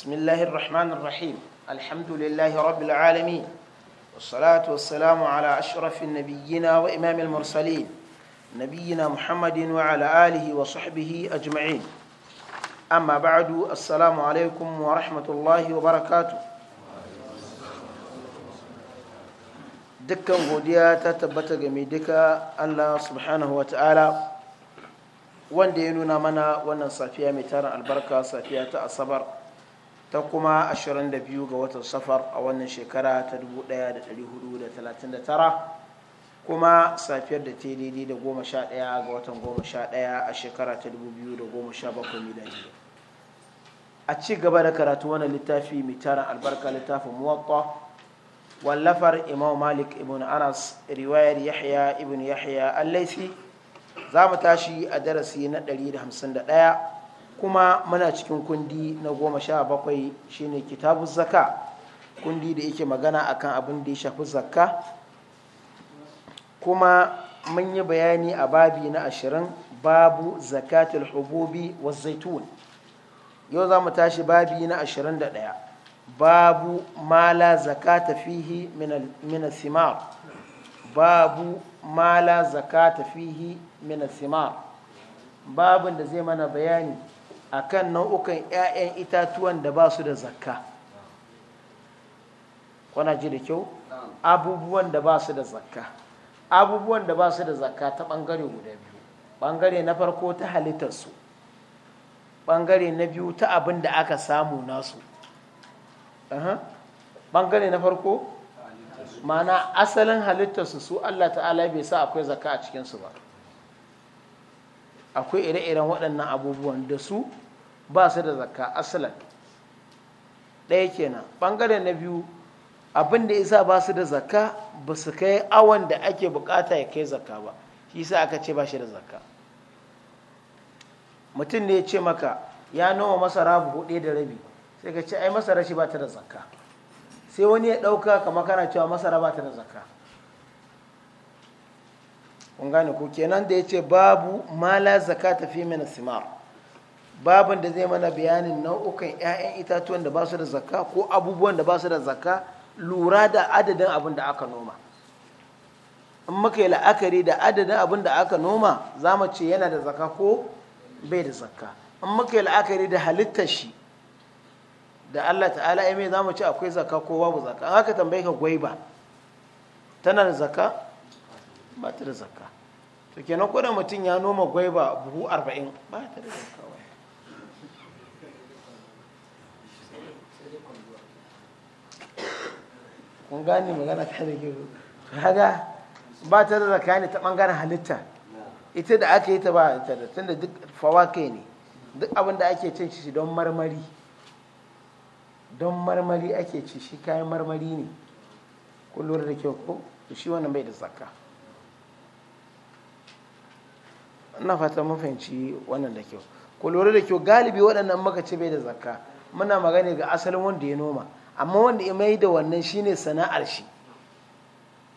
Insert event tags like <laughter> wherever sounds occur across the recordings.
بسم الله الرحمن الرحيم الحمد لله رب العالمين والصلاة والسلام على أشرف النبيين وإمام المرسلين نبينا محمد وعلى آله وصحبه أجمعين أما بعد السلام عليكم ورحمة الله وبركاته دكا غوديا ta tabbata دكا الله سبحانه وتعالى وان دينونا منا ya صافيا mana البركة صافيا تأصبر tarin ta kuma 22 ga watan safar a wannan shekara ta 1439 kuma safiyar da ta daidai da 11 ga watan 11 a shekara ta 2017 miladi a ci gaba da karatu wani littafi mai tara albarka littafin muwatta wallafar imam malik ibn anas riwayar yahya ibn yahya allaisi za mu tashi a darasi na 151 kuma muna cikin kundi na goma sha bakwai shine kitabu zaka kundi da yake magana akan abin da ya shafi zakka kuma mun yi bayani a babi na ashirin babu zakatul hububi wa zaitun yau za mu tashi babi na ashirin da ɗaya babu mala zakata fihi min simar babu mala zakata fihi min simar babin da zai mana bayani akan nau'ukan 'ya'yan itatuwan da ba su da zakka kwana ji da kyau abubuwan da ba su da zakka abubuwan da ba su da zakka ta ɓangare guda biyu ɓangare na farko ta halittarsu ɓangare na biyu ta abin da aka samu nasu ɓangare na farko mana asalin halittarsu su allah ta'ala bai sa akwai zakka a cikinsu ba akwai ire-iren waɗannan abubuwan da su ba su da zakka asalan ɗaya kenan ɓangare na biyu abin da isa ba su da zakka ba su kai awon da ake bukata ya kai zakka ba shi sa aka ce ba shi da zakka mutum ne ya ce maka ya noma masara buhu ɗaya da rabi sai ka ce ai masara shi ba ta da zakka sai wani ya ɗauka kamar kana cewa masara ba ta da zakka kun gane ko kenan da ya ce babu mala zakata fi min simar babin da zai mana bayanin nau'ukan 'ya'yan itatuwan da ba su da zakka ko abubuwan da ba su da zakka lura da adadin abin da aka noma in muka yi la'akari da adadin abin da aka noma za mu ce yana da zakka ko bai da zakka in muka yi la'akari da halittar shi da Allah ta'ala ya mai za mu ce akwai zakka ko babu zakka an haka tambaye ka gwaiba tana da zakka ba ta da zakka to kenan ko da mutum ya noma gwaiba buhu arba'in ba ta da zakka wai kun gane magana ta da gero kaga ba ta da zakka ne ta bangaren halitta ita da aka yi ta ba ita da tunda duk fawake ne duk abin da ake cin shi don marmari don marmari ake ci shi kayan marmari ne kullum da kyau ko shi wannan bai da zakka ina fata mun fahimci wannan da kyau ku lura da kyau galibi waɗannan muka ce bai da zakka muna magana ga asalin wanda ya noma amma wanda ya mai da wannan shine sana'ar shi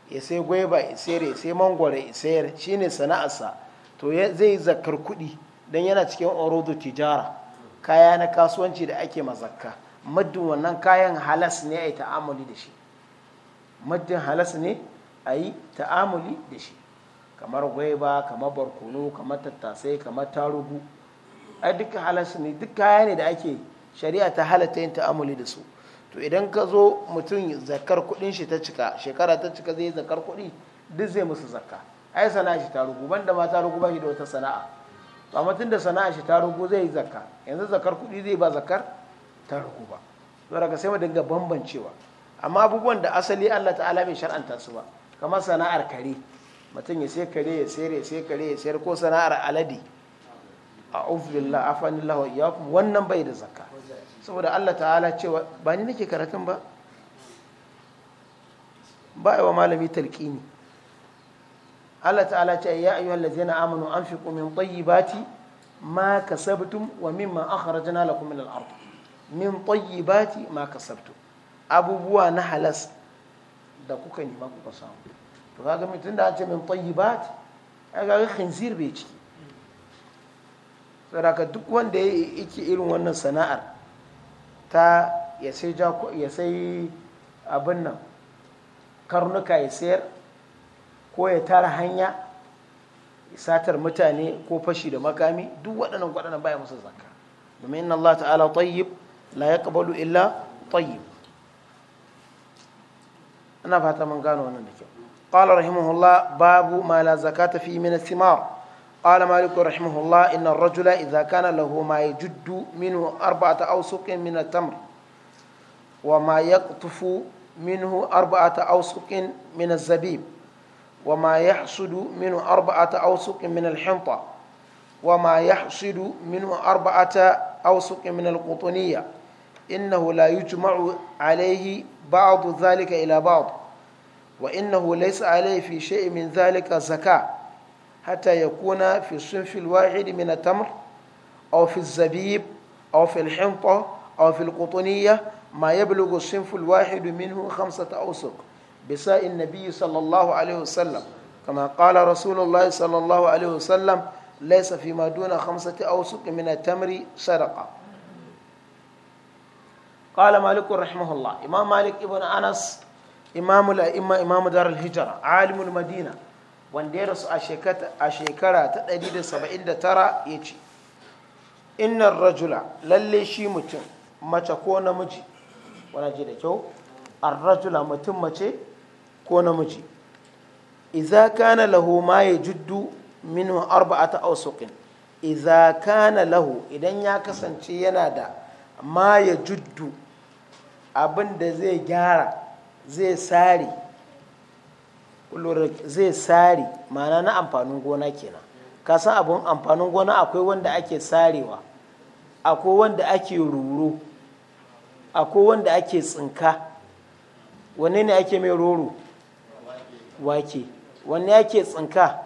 ya sai gwaiba ya sayar ya sai mangwara ya sayar shine sana'arsa to zai yi zakkar kuɗi don yana cikin orodo tijara kaya na kasuwanci da ake mazakka muddin wannan kayan halas ne a yi ta'amuli da shi muddin halas ne a yi ta'amuli da shi kamar gwaiba kamar barkono kamar tattasai kamar tarugu a duka halarsu ne duk kaya ne da ake shari'a ta halatta yin ta'amuli da su to idan ka zo mutum zakar kudin shi ta cika shekara ta cika zai zakar kudi duk zai musu zakka ai sana'a shi tarugu ban da ma tarugu ba shi da wata sana'a to amma da sana'a shi tarugu zai yi zakka yanzu zakar kudi zai ba zakar tarugu ba to daga sai mu dinga bambancewa amma abubuwan da asali Allah ta'ala bai shar'anta su ba kamar sana'ar kare mutum ya sai kare ya sayar ya sai kare ya sayar ko sana'ar alade a ubillah afanillah wa wannan bai da zakka saboda Allah ta'ala cewa ba ni nake karatun ba ba wa malami talqini Allah ta'ala ce ya ayyuhal ladzina amanu anfiqu min tayyibati ma kasabtum wa mimma akhrajna lakum min al-ard min tayyibati ma kasabtum abubuwa na halas da kuka nima kuka samu to kaga da tunda an ce min tayyibat kaga khinzir bai ciki saboda duk wanda yake irin wannan sana'ar ta ya sai abin nan karnuka ya sayar ko ya tara hanya satar mutane ko fashi da makami duk waɗannan waɗannan baya musu zakka domin inna Allah ta'ala tayyib la yaqbalu illa tayyib ana fata mun gano wannan da kyau قال رحمه الله باب ما لا زكاة فيه من الثمار قال مالك رحمه الله إن الرجل إذا كان له ما يجد منه أربعة أوسق من التمر وما يقطف منه أربعة أوسق من الزبيب وما يحصد منه أربعة أوسق من الحنطة وما يحصد منه أربعة أوسق من القطنية إنه لا يجمع عليه بعض ذلك إلى بعض وإنه ليس عليه في شيء من ذلك زكاة حتى يكون في الصنف الواحد من التمر أو في الزبيب أو في الحنطة أو في القطنية ما يبلغ الصنف الواحد منه خمسة أوسق بساء النبي صلى الله عليه وسلم كما قال رسول الله صلى الله عليه وسلم ليس فيما دون خمسة أوسق من التمر صدقة قال مالك رحمه الله إمام مالك ابن أنس imamul la'imma imamu darul hijra alimul madina wanda ya rasu a shekara ta 179 ya ce innar rajula lalle shi mutum mace ko namiji wani ji da kyau an rajula mutum mace ko namiji iza kana lahu ma ya juddu arba'a ta awsuqin iza kana lahu idan ya kasance yana da ma ya juddu abin da zai gyara zai sare zai sare ma'ana na amfanin gona kenan ka san abun amfanin gona akwai wanda ake sarewa akwai wanda ake roro akwai wanda ake tsinka wanne ne ake mai roro wake wanne ake tsinka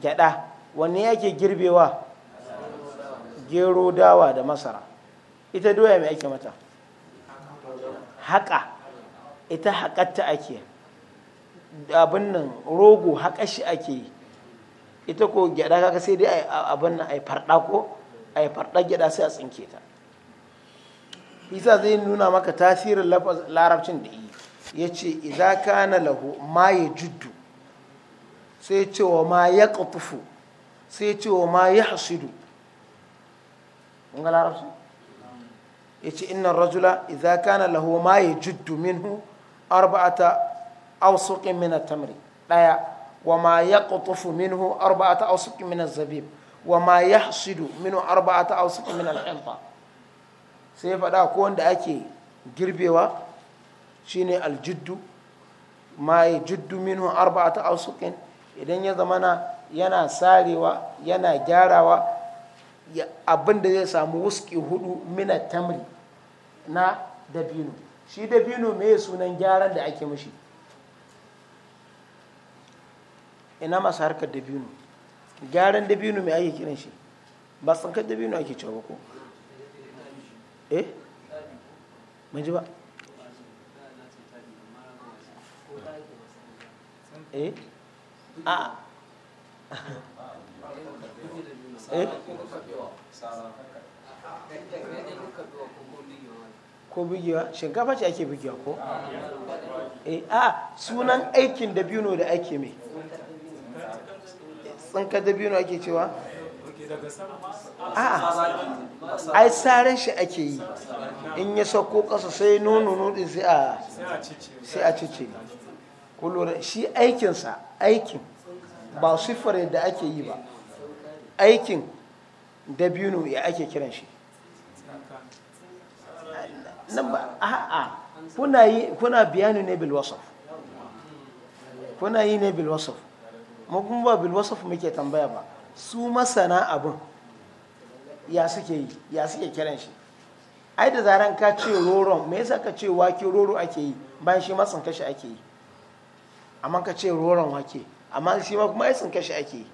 gyada wanne ake girbewa gero dawa da masara ita doya mai ake mata haka ita haƙatta ake abin nan rogo haƙa shi ake ita ko gyada kaka sai dai abin nan ai farɗa ko ai farɗa gyada sai a tsinke ta isa zai nuna maka tasirin larabcin da yi ya ce idan kana lahu ma ya juddu sai ce wa ma ya ƙatufu sai ce wa ma ya hasidu ga larabci ya ce innan rajula idan kana lahu ma ya juddu minhu arba'ata awsuqin min at-tamri daya wa ma yaqtufu minhu arba'ata awsuqin min az-zabib wa ma yahsidu minhu arba'ata awsuqin min al-hilta sai fada ko wanda ake girbewa shine al-juddu ma yajuddu minhu arba'ata awsuqin idan ya zamana yana sarewa yana gyarawa abin da zai samu wuski hudu mina tamri na dabino shi bino me sunan gyaran da ake mashi ina masu harkar bino gyaran bino mai ake kiran shi ba tsankar bino ake cewa ko eh maji ba eh a <laughs> eh ko bugewa shinkafa ce ake bugewa ko eh, a sunan aikin dabino da ake mai tsanka dabino ake cewa a ai tsarin shi ake yi in ya sauko kasa sai nono nudin sai a cice kulura shi aikinsa aikin ba sifar da ake yi ba aikin dabino ya ake kiran shi nan a'a kuna yi kuna biyanu ne bil kuna yi ne bil wasaf mu kuma ba bil wasaf muke tambaya ba su masana abin ya suke yi ya suke kiran shi ai da zaren ka ce roron me yasa ka ce wake roro ake yi bayan shi ma tsinka shi ake yi amma ka ce roron wake amma shi ma kuma ai tsinka shi ake yi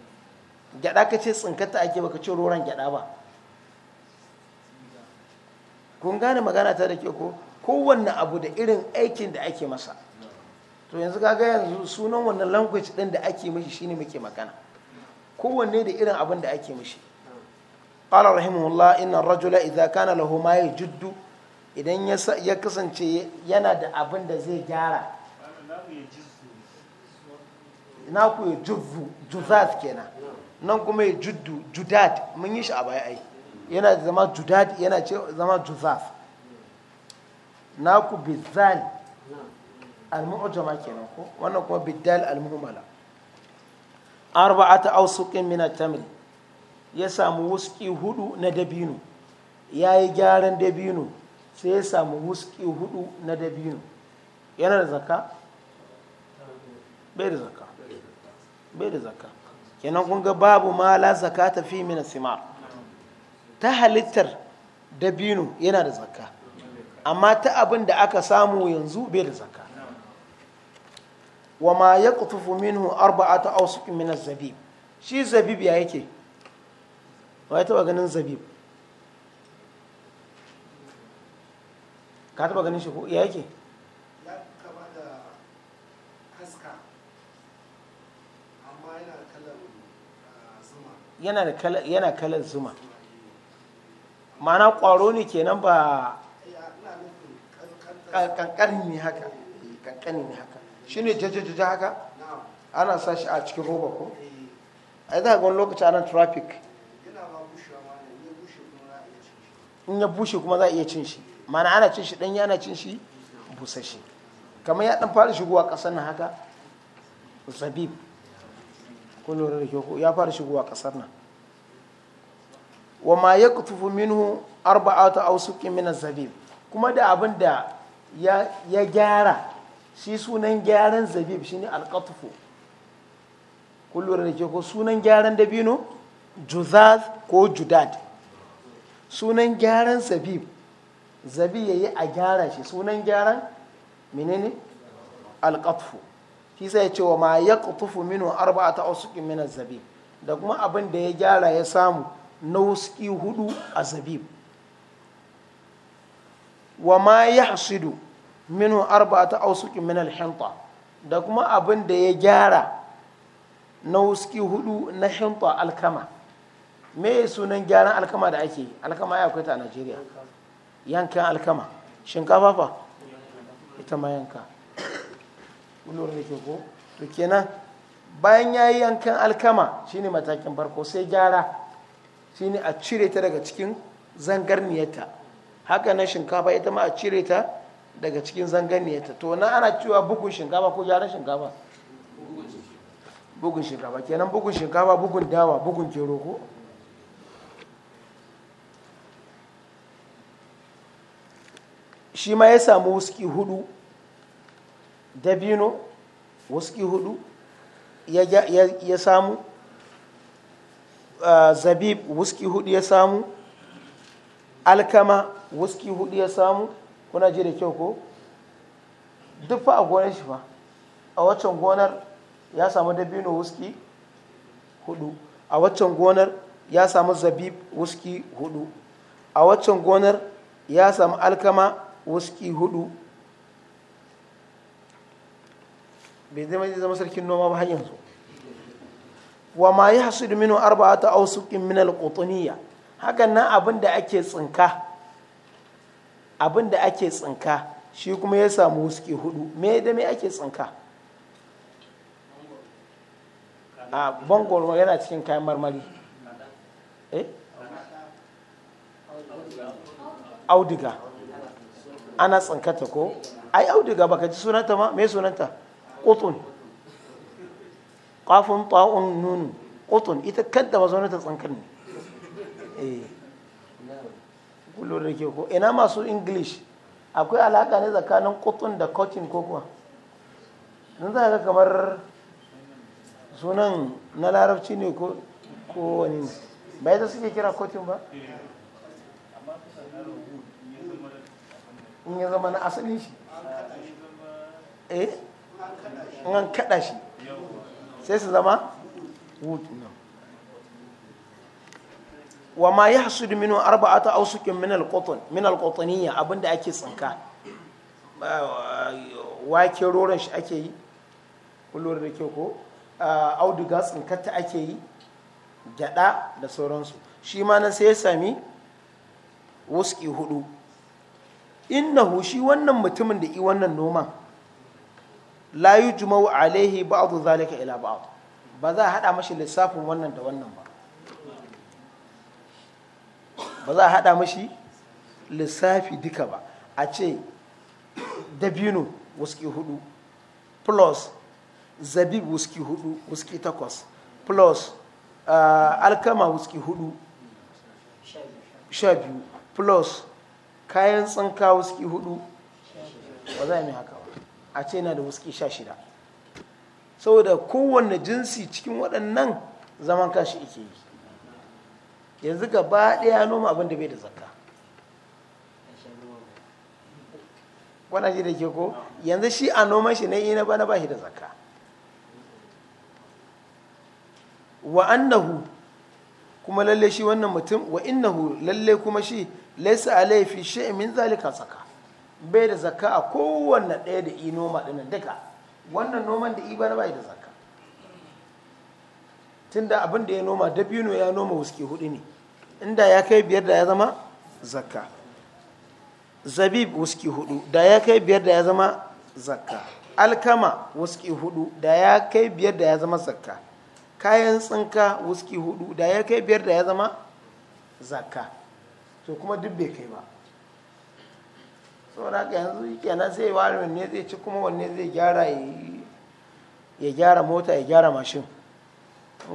gyada ka ce tsinkata ake baka ce roron gyada ba kun gane magana ta da ke ko kowanne abu da irin aikin da ake masa to yanzu kaga yanzu sunan wannan language din da ake mishi shine muke magana kowanne da irin abin da ake mishi qala rahimahullah inna rajula idza kana lahu ma yajuddu idan ya kasance yana da abin da zai gyara na ku yajuddu juzat kenan nan kuma ya juddu judat mun yi shi a baya ai yana zama judad yana ce zama juzaf ku bizal al-mu'jama kenan ko wannan kuma bidal al-muhmala arba'ata awsuqin min at-tamr ya samu wuski hudu na dabino yayi gyaran dabino sai ya samu wuski hudu na dabino yana da zakka bai da zakka bai da zakka kenan kun ga babu mala zakata fi min as-simar ta halittar dabino yana da zakka amma ta abin da aka samu yanzu bai da zakka wa ma ya kutufu minhu a awsuq min az-zabib shi zabib ya yake wai taba ganin zabib ka taba ganin shi ko ya yake yana da kalar ah, zuma mana kwaro ne kenan ba ƙanƙanin ne haka kankanin ne haka shi eh, ne jajajaja haka ana sa shi a cikin roba ko eh. a yi zagon wani lokaci ana traffic in ya bushe kuma za a iya cin shi mana ana cin shi ɗanya ana cin shi busashi kamar ya ɗan fara shigowa ƙasar nan haka zabib kun lura da ya fara shigowa ƙasar nan wa ma ya kutufu minhu arba'atu awsuqin min az-zabib kuma da abin da ya gyara shi sunan gyaran zabib shine al-qatfu kullum da ke ko sunan gyaran da dabino juzaz ko judad sunan gyaran zabib zabi ya yi a gyara shi sunan gyaran menene alƙatfu shi sai ya ce wa ma ya kutufu minhu arba'atu arba'ata usuqin min zabib da kuma abin da ya gyara ya samu na wuski hudu a zabib wa ma ya hasidu minu ta ausuki min hinta da kuma abin da ya gyara na wuski hudu na hinta alkama me sunan gyaran alkama da ake alkama ya kwaita ta a najeriya yankan alkama shinkafa fa ita ma yanka ulur ne ke ko to kenan bayan ya yi yankan alkama shine matakin farko sai gyara shine a cire ta daga cikin zangarniyarta haka nan shinkafa ita ma a cire ta daga cikin zangarniyarta to nan ana cewa bugun shinkafa ko jaran shinkafa bugun shinkafa kenan bugun shinkafa bugun dawa bugun gero ko shi ma ya samu wuski hudu dabino wuski hudu ya samu zabib wuski hudu ya samu alkama wuski hudu ya samu kuna ji da kyau ko duk fa a gonar shi fa a waccan gonar ya samu dabino wuski hudu a waccan gonar ya samu zabib wuski hudu a waccan gonar ya samu alkama wuski hudu bai zama sarkin noma ba har yanzu wa ma yi hasu da minu arba'ata ausukin min alƙutuniya hakan nan abin da ake tsinka abin da ake tsinka shi kuma ya samu suke hudu me da me ake tsinka a bangor yana cikin kayan marmari eh audiga ana tsinkata ko ai audiga baka ji sunanta ma me sunanta ƙutun qafun ta'un nun qutun ita kanta mazauna ta tsankan ne eh kullu da ke ko ina masu english akwai alaka ne tsakanin qutun da cotton ko kuwa in za ga kamar sunan na larabci ne ko wani ne ba yadda suke kira cotton ba in ya zama na asalin shi eh an kada shi sai su zama wood wa ma ya hasu da minu arba'ata ausukin min alkotoniya abinda ake tsinka wake Roran shi ake yi kullum da ke ko auduga tsinkata ake yi gyada da sauransu shi ma na sai ya sami wuski hudu innahu shi wannan mutumin da i wannan noman la yujma'u alaihi abu zalika ila ba ba za a hada mashi lissafin wannan da wannan ba ba za a hada mashi lissafi duka ba a ce dabino wuski hudu plus zabib wuski hudu wuski takwas plus ah, alkama wuski hudu sha biyu plus kayan tsinka wuski hudu ba za a yi haka a ce yana da wuski sha shida saboda kowane jinsi cikin waɗannan zaman kashi ike yi yanzu gaba ɗaya noma abin da bai da zakka wana shi da ke ko yanzu shi a noman shi na ina bana ba shi da zakka wa annahu kuma lalle shi wannan mutum wa innahu lalle kuma shi laisa alaifi shay'in min zalika saka. bai da zakka a kowanne ɗaya da i noma ɗin duka wannan noman da i bana bai da zakka tunda abin da ya noma dabino ya noma wuske hudu ne inda ya kai biyar da ya zama zakka zabib wuske hudu da ya kai biyar da ya zama zakka alkama wuske hudu da ya kai biyar da ya zama zakka kayan tsinka wuske hudu da ya kai biyar da ya zama zakka to kuma duk bai kai ba saboda haka yanzu kenan zai ware wanne zai ci kuma wanne zai gyara ya gyara mota ya gyara mashin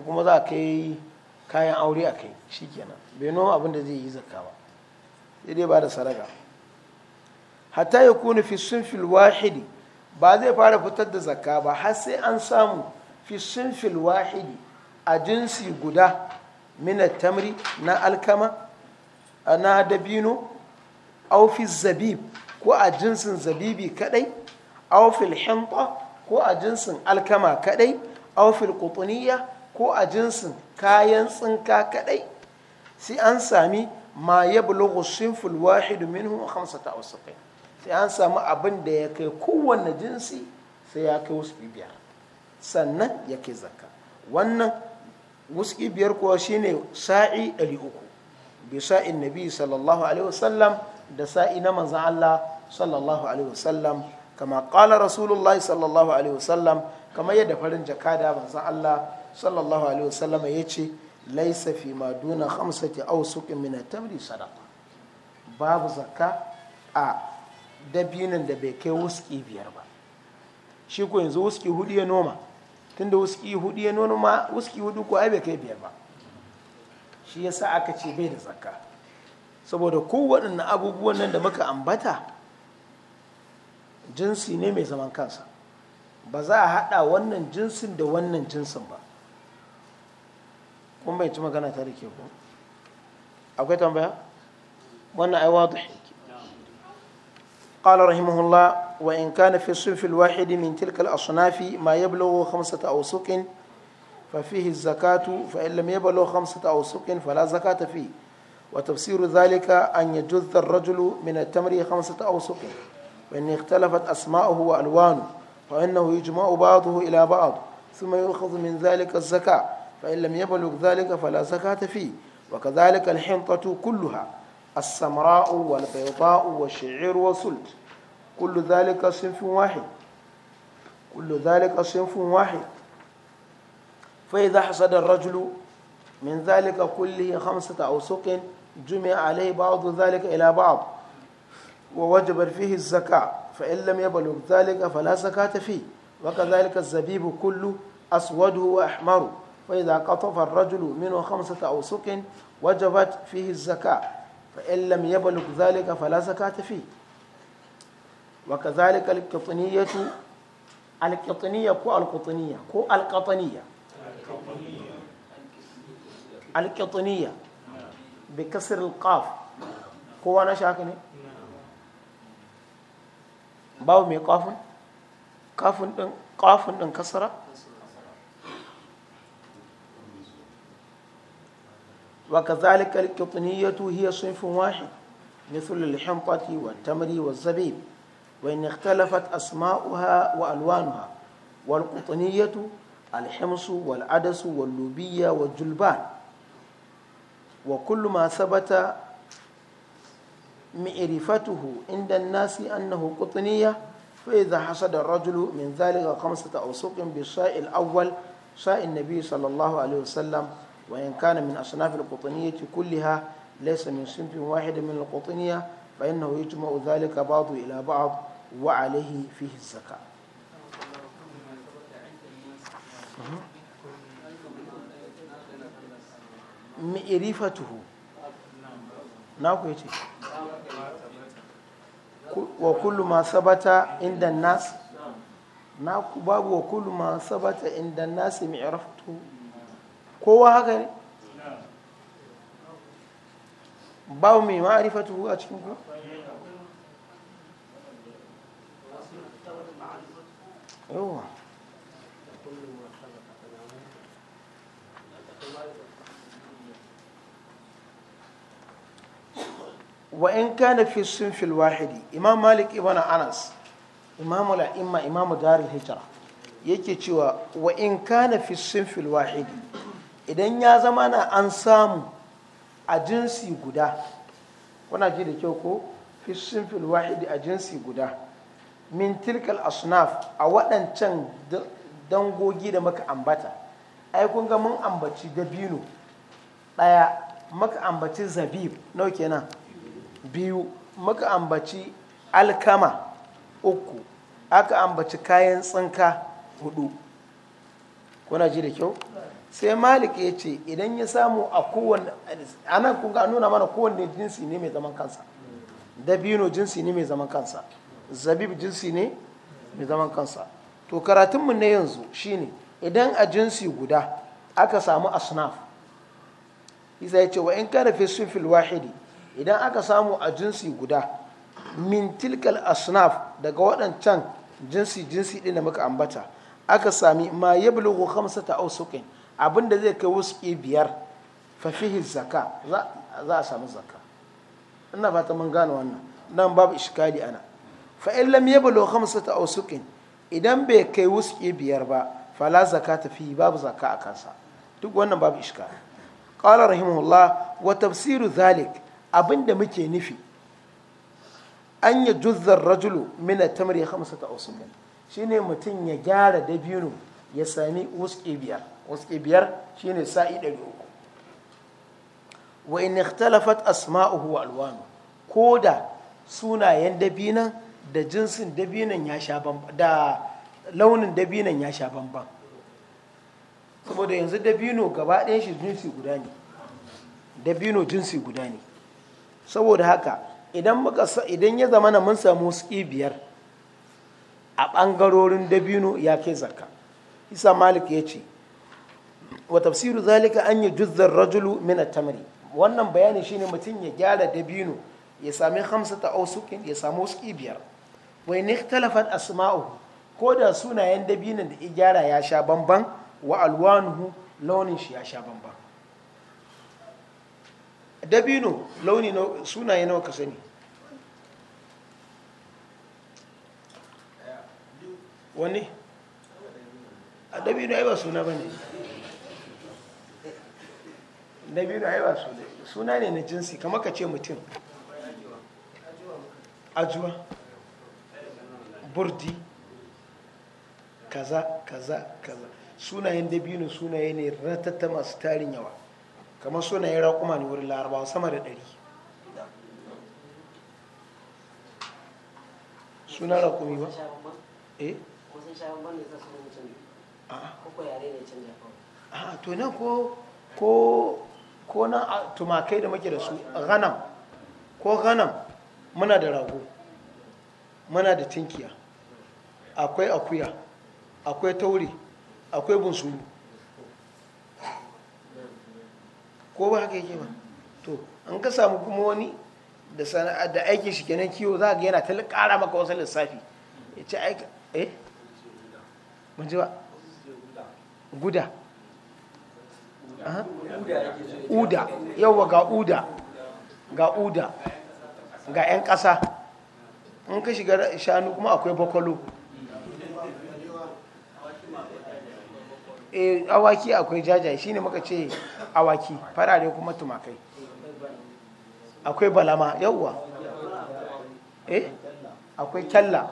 kuma za a kai kayan aure a kai shi kenan bai noma abin da zai yi zakka ba sai dai ba da saraga hatta ya kuna fi sunfil wahidi ba zai fara fitar da zakka ba har sai an samu fi sunfil wahidi a jinsi guda mina tamri na alkama na dabino au fi zabib ko a jinsin zabibi kadai aw fil hinta ko a jinsin alkama kadai aw fil qutniya ko a jinsin kayan tsinka kadai sai an sami ma yablughu sinful wahid minhum khamsata sai an sami abin da ya kai kowanne jinsi sai ya kai wasu biyar sannan ya kai zakka wannan wasu biyar kuwa shine sa'i 300 bi sa'in nabi sallallahu alaihi wasallam da sa'i na manzan Allah sallallahu alaihi wasallam kama qala rasulullahi sallallahu alaihi wasallam kama yadda farin jakada manzan Allah sallallahu alaihi wasallam yace laysa fi ma duna khamsati awsuqin min at-tamri sadaqa babu zakka a dabinan da bai kai wuski biyar ba shi ko yanzu wuski hudu ya noma tunda wuski hudu ya noma wuski hudu ko ai bai kai biyar ba shi yasa aka ce bai da zakka saboda kowaɗannan abubuwan nan da muka ambata jinsi ne mai zaman kansa ba za a haɗa wannan jinsin da wannan jinsin ba kuma bai ci magana ta rike ku akwai tambaya wannan ai wadu قال رحمه الله وإن كان في الصنف الواحد من تلك الأصناف ما يبلغ خمسة أوسق ففيه الزكاة فإن لم يبلغ خمسة أوسق فلا زكاة فيه وتفسير ذلك أن يجذ الرجل من التمر خمسة أوسق وإن اختلفت أسماؤه وألوانه فإنه يجمع بعضه إلى بعض ثم يؤخذ من ذلك الزكاة فإن لم يبلغ ذلك فلا زكاة فيه وكذلك الحنطة كلها السمراء والبيضاء والشعير والسلت كل ذلك صنف واحد كل ذلك صنف واحد فإذا حصد الرجل من ذلك كله خمسة أوسق جمع عليه بعض ذلك إلى بعض ووجب فيه الزكاة فإن لم يبلغ ذلك فلا زكاة فيه وكذلك الزبيب كله أسوده وأحمره فإذا قطف الرجل منه خمسة أوسق وجبت فيه الزكاة فإن لم يبلغ ذلك فلا زكاة فيه وكذلك القطنية القطنية كو القطنية كو القطنية alkitaniya bi kasr alqaf ko wani mai kafin kafin din kasara wa kazalika alkitaniyatu hiya sunfun wahid mithl alhimati wa tamri wa zabib wa in ikhtalafat asma'uha wa alwanuha wal qutaniyatu الحمص والعدس واللوبية والجلبان وكل ما ثبت معرفته عند الناس أنه قطنية فإذا حصد الرجل من ذلك خمسة أوسق بالشاء الأول شاء النبي صلى الله عليه وسلم وإن كان من أصناف القطنية كلها ليس من صنف واحد من القطنية فإنه يجمع ذلك بعض إلى بعض وعليه فيه الزكاة Uh-huh. ma'irifatuhu na ku yace wa kullu ma sabata inda nas na ku babu wa kullu ma sabata inda nas mi'rifatuhu kowa haka ne babu mai ma'rifatuhu a cikin ku yawa wa in kana fi sunfil wahidi imam malik ibn anas imamu la'imma imamu darul hijra yake cewa wa in kana fi sunfil wahidi idan ya zama na an samu a jinsi guda kuna ji da kyau ko fi sunfil wahidi a jinsi guda min tilkal asnaf a waɗancan dangogi da muka ambata ai kun ga mun ambaci dabino ɗaya maka ambaci zabib nawa kenan biyu muka ambaci alkama uku aka ambaci kayan tsinka hudu kuna ji da kyau sai malik ya ce idan ya samu a kowane ana kunga nuna mana kowane jinsi ne mai zaman kansa dabino jinsi ne mai zaman kansa zabib jinsi ne mai zaman kansa to karatunmu na yanzu shine idan a jinsi guda aka samu asnaf isa ya ce wa in kana fi sufil wahidi idan aka samu a jinsi guda min tilkal asnaf daga waɗancan jinsi jinsi ɗin da muka ambata aka sami ma ya hamsa ta ausukin abinda zai kai wuski biyar fafihi zaka za a samu zaka ina fata mun gane wannan nan babu ishikali ana lam ya bulogo hamsa ta ausukin idan bai kai wuski biyar ba fala ta fi babu zaka a kansa duk wannan babu ishikali qala rahimahullah wa tafsiru zalik. abin da muke nufi an yi juzzar rajulu mina tamari hamsa ta shi shine mutum ya gyara dabino ya sami wuske biyar wuske biyar shine sa'i ɗari uku wa in ikhtalafat asma'uhu wa alwanu ko da sunayen dabinan da jinsin dabinan ya sha bamban da launin dabinan ya sha bamban saboda yanzu dabino gaba ɗaya shi jinsi guda ne dabino jinsi guda ne saboda haka idan muka idan ya zamana mun samu suki biyar a ɓangarorin dabino ya kai zakka isa malik ya ce wa tafsiru zalika an yi juzzar rajulu min tamari. wannan bayani shine mutum ya gyara dabino ya sami hamsa ta ausukin ya samu suki biyar wai niktalafat asma'u ko da sunayen dabinin da ya gyara ya sha bamban wa alwanuhu launin shi ya sha bamban dabino launi sunaye nawa ka sani wani a dabino ai ba suna ba ne dabino ai ba suna suna ne na jinsi kama ka ce mutum ajuwa burdi kaza kaza kaza sunayen dabino sunaye ne ratata masu tarin yawa kamar yi raƙuma ne wurin larabawa sama da ɗari suna raƙumi ba eh a to nan ko ko ko na tumakai da muke da su ghanam ko ghanam muna da rago muna da tinkiya akwai akuya akwai taure akwai bunsuru ko ba haka yake ba to an ka samu kuma wani da sana'a da aiki shi kenan kiwo za ga yana ta ƙara maka wasu lissafi ya ce aika eh mun ji ba guda uda yawa ga uda ga uda ga 'yan ƙasa in ka shiga shanu kuma akwai bakwalo eh, awaki akwai jajaye shine maka ce awaki farare kuma tumakai akwai balama yauwa eh akwai kyalla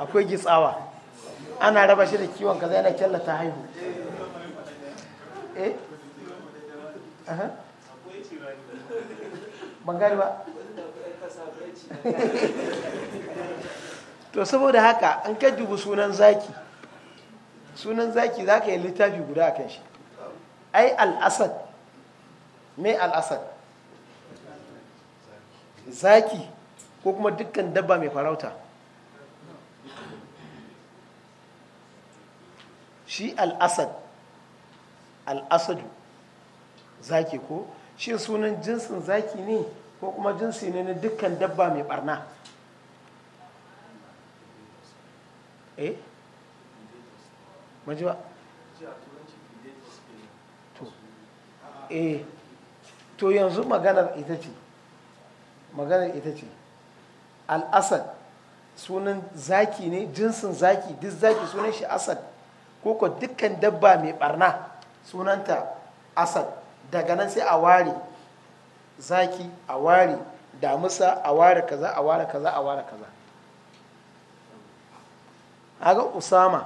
akwai gitsawa ana raba shi da kiwon kaza yana kyalla ta haihu eh ban gari ba <laughs> to saboda haka an kajibu sunan zaki sunan zaki za ka yi littafi guda a kan shi ai al'asad mai al'asad zaki ko kuma dukkan dabba mai farauta shi al'asad al'asadu zaki ko shi sunan jinsin zaki ne ko kuma jinsi ne na dukkan dabba mai barna eh majiwa eh to yanzu maganar ita ce maganar ita ce al'asad sunan zaki ne jinsin zaki duk zaki sunan shi asad koko dukkan dabba mai barna sunanta asad daga nan sai a ware zaki a ware damusa a ware kaza a ware kaza a ware kaza haka usama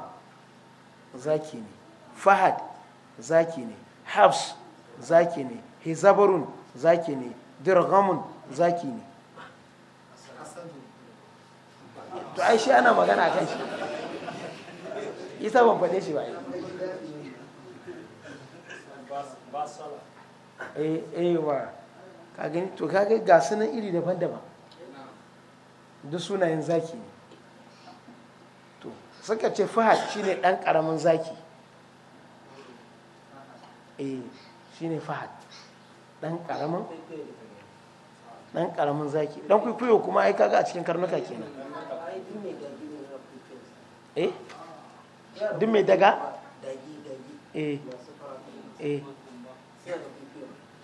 zaki ne fahad zaki ne habs zaki ne hezabarun zaki ne dirhamun zaki ne to ai shi ana magana kan shi isa ban faɗe shi ba yi eh eh wa ka gani to kaga ga sunan iri daban-daban duk sunayen zaki ne to suka ce fahad shine dan karamin zaki eh shine fahad dan karamin dan karamin zaki dan kwaikwayo kuma ai kaga a cikin karnuka kenan eh duk mai daga eh eh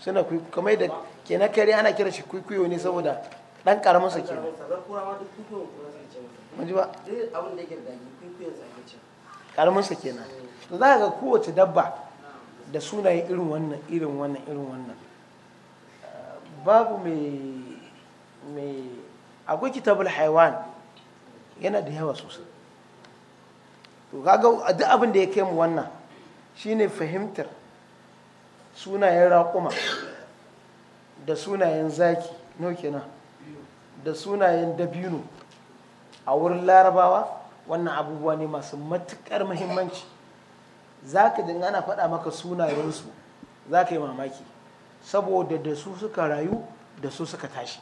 suna kamar da kenan kare ana kira shi kwaikwayo ne saboda dan karamin sa kenan mun ji ba eh, karamin sa kenan za ka ga kowace dabba da sunaye irin wannan irin wannan irin wannan babu mai akwai kitabul haiwan yana da yawa sosai to kaga duk abin da ya kai mu wannan shine fahimtar sunayen raƙuma da sunayen zaki no kenan da sunayen dabino a wurin larabawa wannan abubuwa ne masu matuƙar muhimmanci za ka ana faɗa maka sunayensu za ka yi mamaki saboda da su suka rayu da su suka tashi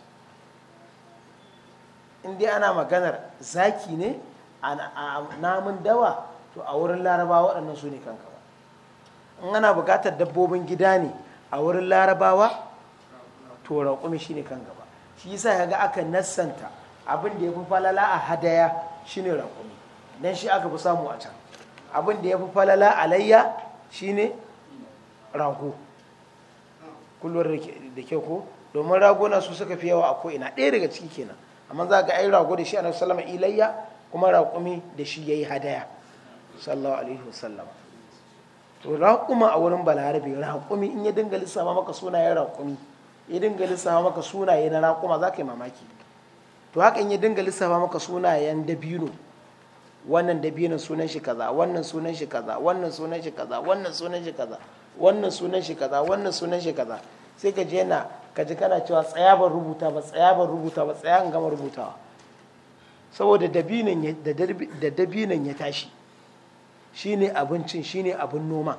in dai ana maganar zaki ne a namun dawa to a wurin larabawa waɗannan su ne kanka ba in ana bukatar dabbobin gida ne a wurin larabawa to raƙumi shi ne kan gaba shi yasa ya ga aka nassanta abin da ya fi falala a hadaya shi ne raƙumi don shi aka fi samu a can abin da ya fi falala alayya shine rago kullum da ke ko domin na su suka fi yawa a ko'ina ɗaya daga ciki kenan amma za ga ai rago da shi annabi sallama ilayya kuma raƙumi da shi yayi hadaya sallallahu alaihi wasallam to raƙuma a wurin balarabe raƙumi in ya dinga lissafa maka sunayen raƙumi ya dinga lissafa maka sunaye na raƙuma za ka yi mamaki to haka in ya dinga lissafa maka sunayen dabino wannan dabinin sunan shi kaza wannan sunan shi kaza wannan sunan shi kaza wannan sunan shi kaza wannan sunan shi kaza wannan sunan shi kaza sai ka je na ka ji kana cewa tsaya ban rubuta ba tsaya ban rubuta ba tsaya in gama rubutawa saboda dabinin da dabinan ya tashi shine abincin shine abin noma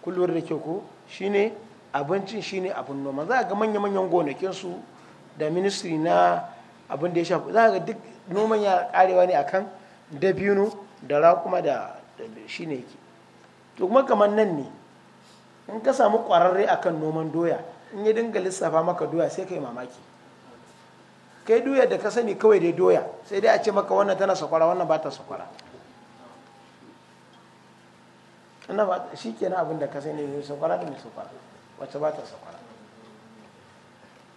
kullum da ke ko shine abincin shine abin noma za a ga manya-manyan gonakinsu da ministry na abin da ya shafi za ga duk noman ya karewa ne akan dabino da raƙuma da shi ne yake to kuma kamar nan ne in ka samu ƙwararre akan noman doya in ya dinga lissafa maka doya sai ka yi mamaki kai doya da ka sani kawai dai doya sai dai a ce maka wannan tana sakwara wannan ba ta sakwara shi kenan abin da ka sani sakwara da mai sakwara wacce ba ta sakwara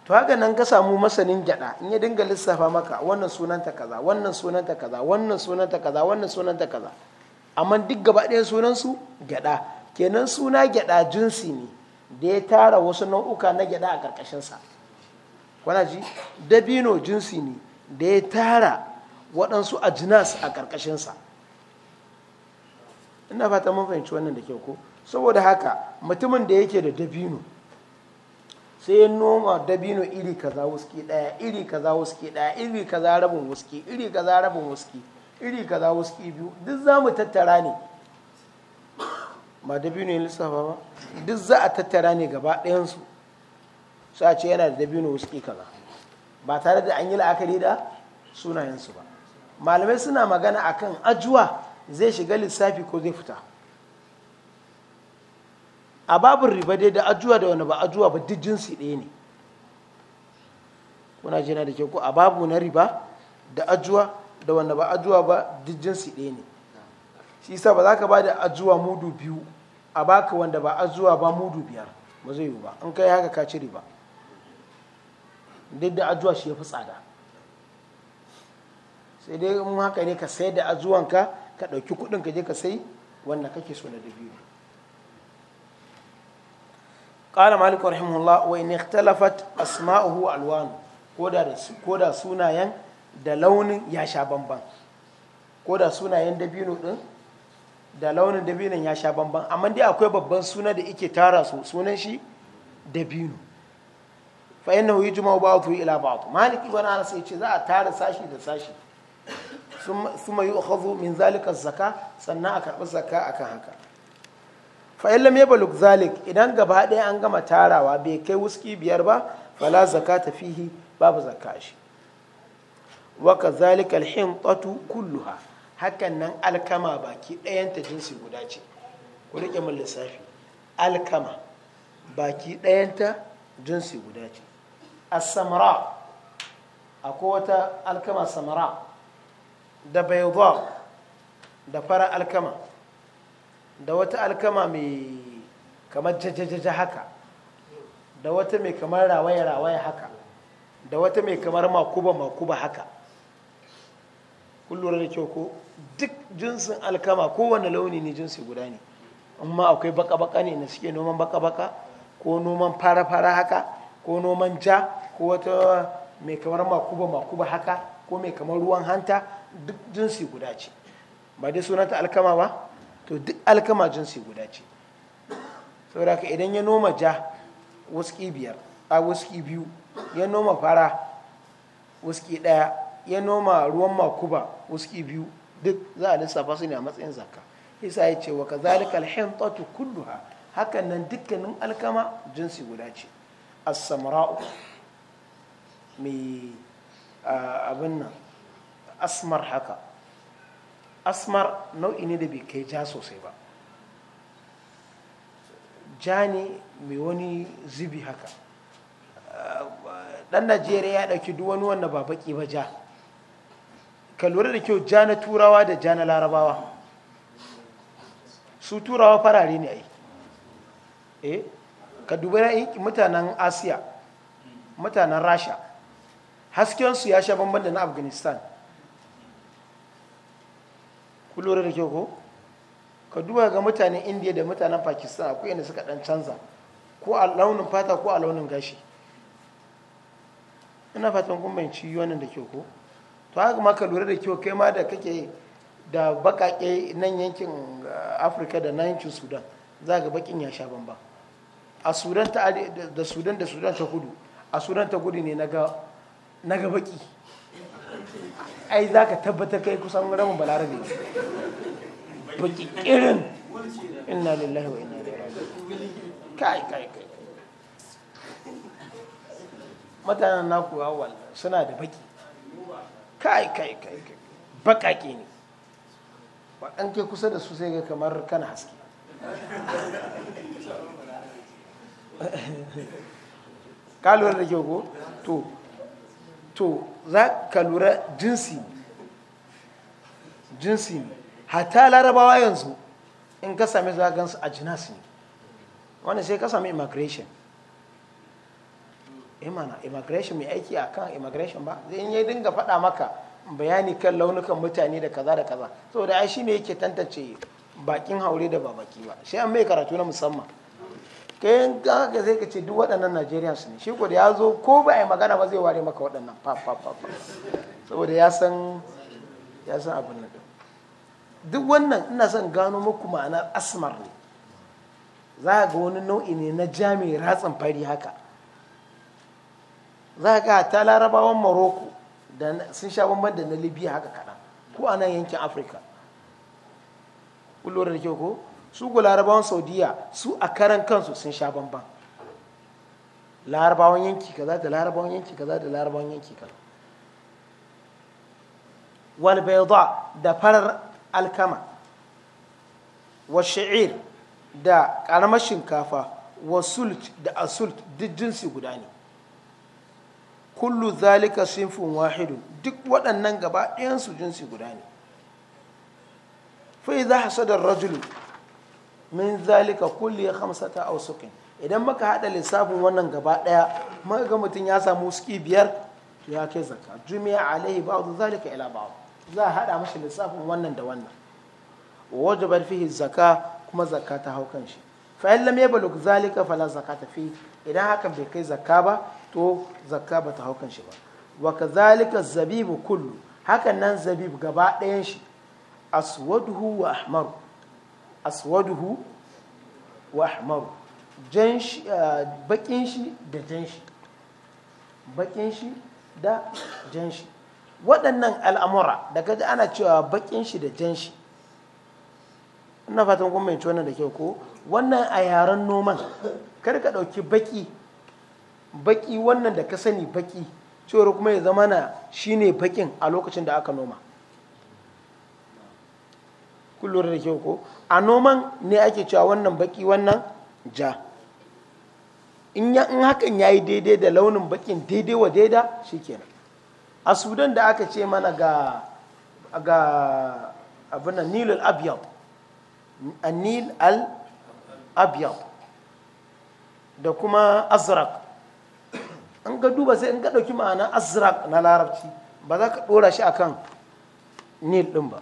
to haka nan ka samu masanin gyada in ya dinga lissafa maka wannan sunanta kaza wannan sunanta kaza wannan sunanta kaza wannan sunanta kaza amma duk gaba ɗaya sunan su gyada kenan suna gyada jinsi ne da ya tara wasu nau'uka na gyada a ƙarƙashin sa kuna ji dabino jinsi ne da ya tara waɗansu ajinas a ƙarƙashin sa ina fata mun fahimci wannan da kyau ko saboda haka mutumin da yake da dabino sai ya noma dabino iri kaza wuski daya iri kaza wuski daya iri kaza rabin wuski iri kaza rabin wuski iri kaza wuski biyu duk za mu tattara ne ba dabino ya lissafa ba duk za a tattara ne gaba ɗayansu su a ce yana da dabino wuski kaza ba tare da an yi la'akari da sunayensu ba malamai suna magana akan ajuwa zai shiga lissafi ko zai fita a babin riba dai da ajuwa da wani ba ajuwa ba duk jinsi ɗaya ne kuna jina da ke ko a babu na riba da ajuwa da wani ba ajuwa ba duk jinsi ɗaya ne shi sa ba za ka ba da ajuwa mudu biyu a baka wanda ba ajuwa ba mudu biyar ba zai yi ba in kai haka ka ci riba duk da ajuwa shi ya fi tsada sai dai in haka ne ka sai da ajuwanka ka ɗauki kuɗin ka je ka sai wanda kake so na da biyu qala malik rahimahullah wa in ikhtalafat asma'uhu alwan koda koda da launin ya sha bamban koda sunayen da launin ya sha bamban amma dai akwai babban suna da yake tara sunan shi dabino fa innahu yujma'u ba'dhu ila ba'd malik ibn anas yace za a tara sashi da sashi ثم يؤخذ zaka sannan الزكاة سنة zaka akan haka. fa'in lam yablug zalik idan gaba ɗaya an gama tarawa bai kai wuski biyar ba fala ta fihi babu zaka shi wa alhin alhinqatu kulluha hakan nan alkama baki ɗayanta jinsi guda ce ku riƙe min lissafi alkama baki ɗayanta jinsi guda ce as-samra akwai wata alkama samara da bayda da fara alkama da wata alkama mai kamar jajajaja haka da wata mai kamar rawaya-rawaya haka da wata mai kamar makuba-makuba haka kullum da kyau ko duk jinsin alkama kowane launi ne jinsi guda ne amma akwai baka-baka ne na suke noman baka-baka ko noman fara-fara haka ko noman ja ko wata mai kamar makuba-makuba haka ko mai kamar ruwan hanta duk jinsi guda ce ba dai sunanta alkama ba to duk alkama jinsi guda ce saboda ka idan ya noma ja wuski biyar a wuski biyu ya noma fara ki ɗaya ya noma ruwan makuba wuski biyu duk za a lissafa su ne a matsayin zakka isa ya ce wa ka zalika alhintatu kulluha hakan nan dukkanin alkama jinsi guda ce as-samra'u mai abin nan asmar haka asmar nau'i ne da bai kai ja sosai ba ja ne mai wani zubi haka dan najeriya ya ɗauki duk wani wanda ba baki ba ja ka lura da kyau ja na turawa da ja na larabawa su turawa farare ne ai eh ka dubi mutanen asiya mutanen rasha haskensu ya sha bambam da na afghanistan ku lura da kyau ko ka duba ga mutanen indiya da mutanen pakistan akwai da suka dan canza ko a launin fata ko a launin gashi ina fatan kun bayanci wannan da kyau ko to haka ma ka lura da kyau kai ma da kake da bakake nan yankin eh, afirka da na yankin sudan za ga bakin ya sha bamban a sudan ta da sudan da sudan ta kudu a sudan ta kudu ne na ga baki ai za ka tabbatar kai kusan rabin balarabe baki irin ina lullahi wa inna ilaihi raji'un kai kai kai mutanen naku awal suna da baki kai kai kai bakaki ne an ke kusa da su sai ga kamar kana haske kalwar da ke ko to to za ka lura jinsi jinsi ne hatta larabawa yanzu in ka same zagansu a jinasi ne wanda sai ka sami immigration imana eh immigration mai aiki a kan immigration ba zai yi dinga faɗa maka bayani kan launukan mutane da kaza da kaza saboda ai ne yake tantance bakin haure da ba baki ba sai an mai karatu na musamman kayan haka zai kace duk waɗannan Najeriya su ne shi ko da ya zo ko ba a magana ba zai ware maka waɗannan pap saboda ya san ya san abin da duk wannan ina son gano muku ma'anar asmar ne za ga wani nau'i ne na jami ratsin fari haka za ga ta larabawan morocco da sun sha bamban da na libya haka kaɗan ko a nan yankin afirka kullum da kyau ko su ga larabawan saudiya su a karan kansu sun sha bamban larabawan yanki kaza da larabawan yanki kaza da larabawan yanki kaza wal bayda da farar alkama wa sha'ir da karamar shinkafa wa sult da asult duk jinsi guda ne kullu zalika sinfun wahidu duk waɗannan gaba ɗayan su jinsi guda ne fa idza hasada rajulu min zalika kulli khamsata awsuqin idan muka hada lissafin wannan gaba daya maka ga mutum ya samu suki biyar to ya kai zakka jumi'a alaihi ba'd zalika ila ba'd za a hada mashi lissafin wannan da wannan wajabar fihi zakka kuma zakka ta hau kan shi fa in lam yablugh zalika fala zakata fi idan hakan bai kai zakka ba to zakka ba ta hau kan shi ba wa kadhalika zabibu kullu hakan nan zabib gaba ɗayan shi aswaduhu wa ahmaru aswaduhu wa ahmaru eh, bakin shi da jan shi bakin shi da jan shi waɗannan al'amura da kaji ana cewa bakin shi da jan shi ina fatan kuma mai wannan da kyau ko wannan a yaren noman kar ka ɗauki baki baki wannan da ka sani baki cewar kuma ya zama na shine bakin a lokacin da aka noma kullum da kyau ko a noman ne ake cewa wannan baki wannan ja in hakan ya yi daidai da launin bakin daidai wa daida shikenan a sudan da aka ce mana ga ga abin nil al abiyab da kuma azrak an ga duba sai in ga ɗauki ma'ana azrak na larabci ba za ka ɗora shi akan nil din ba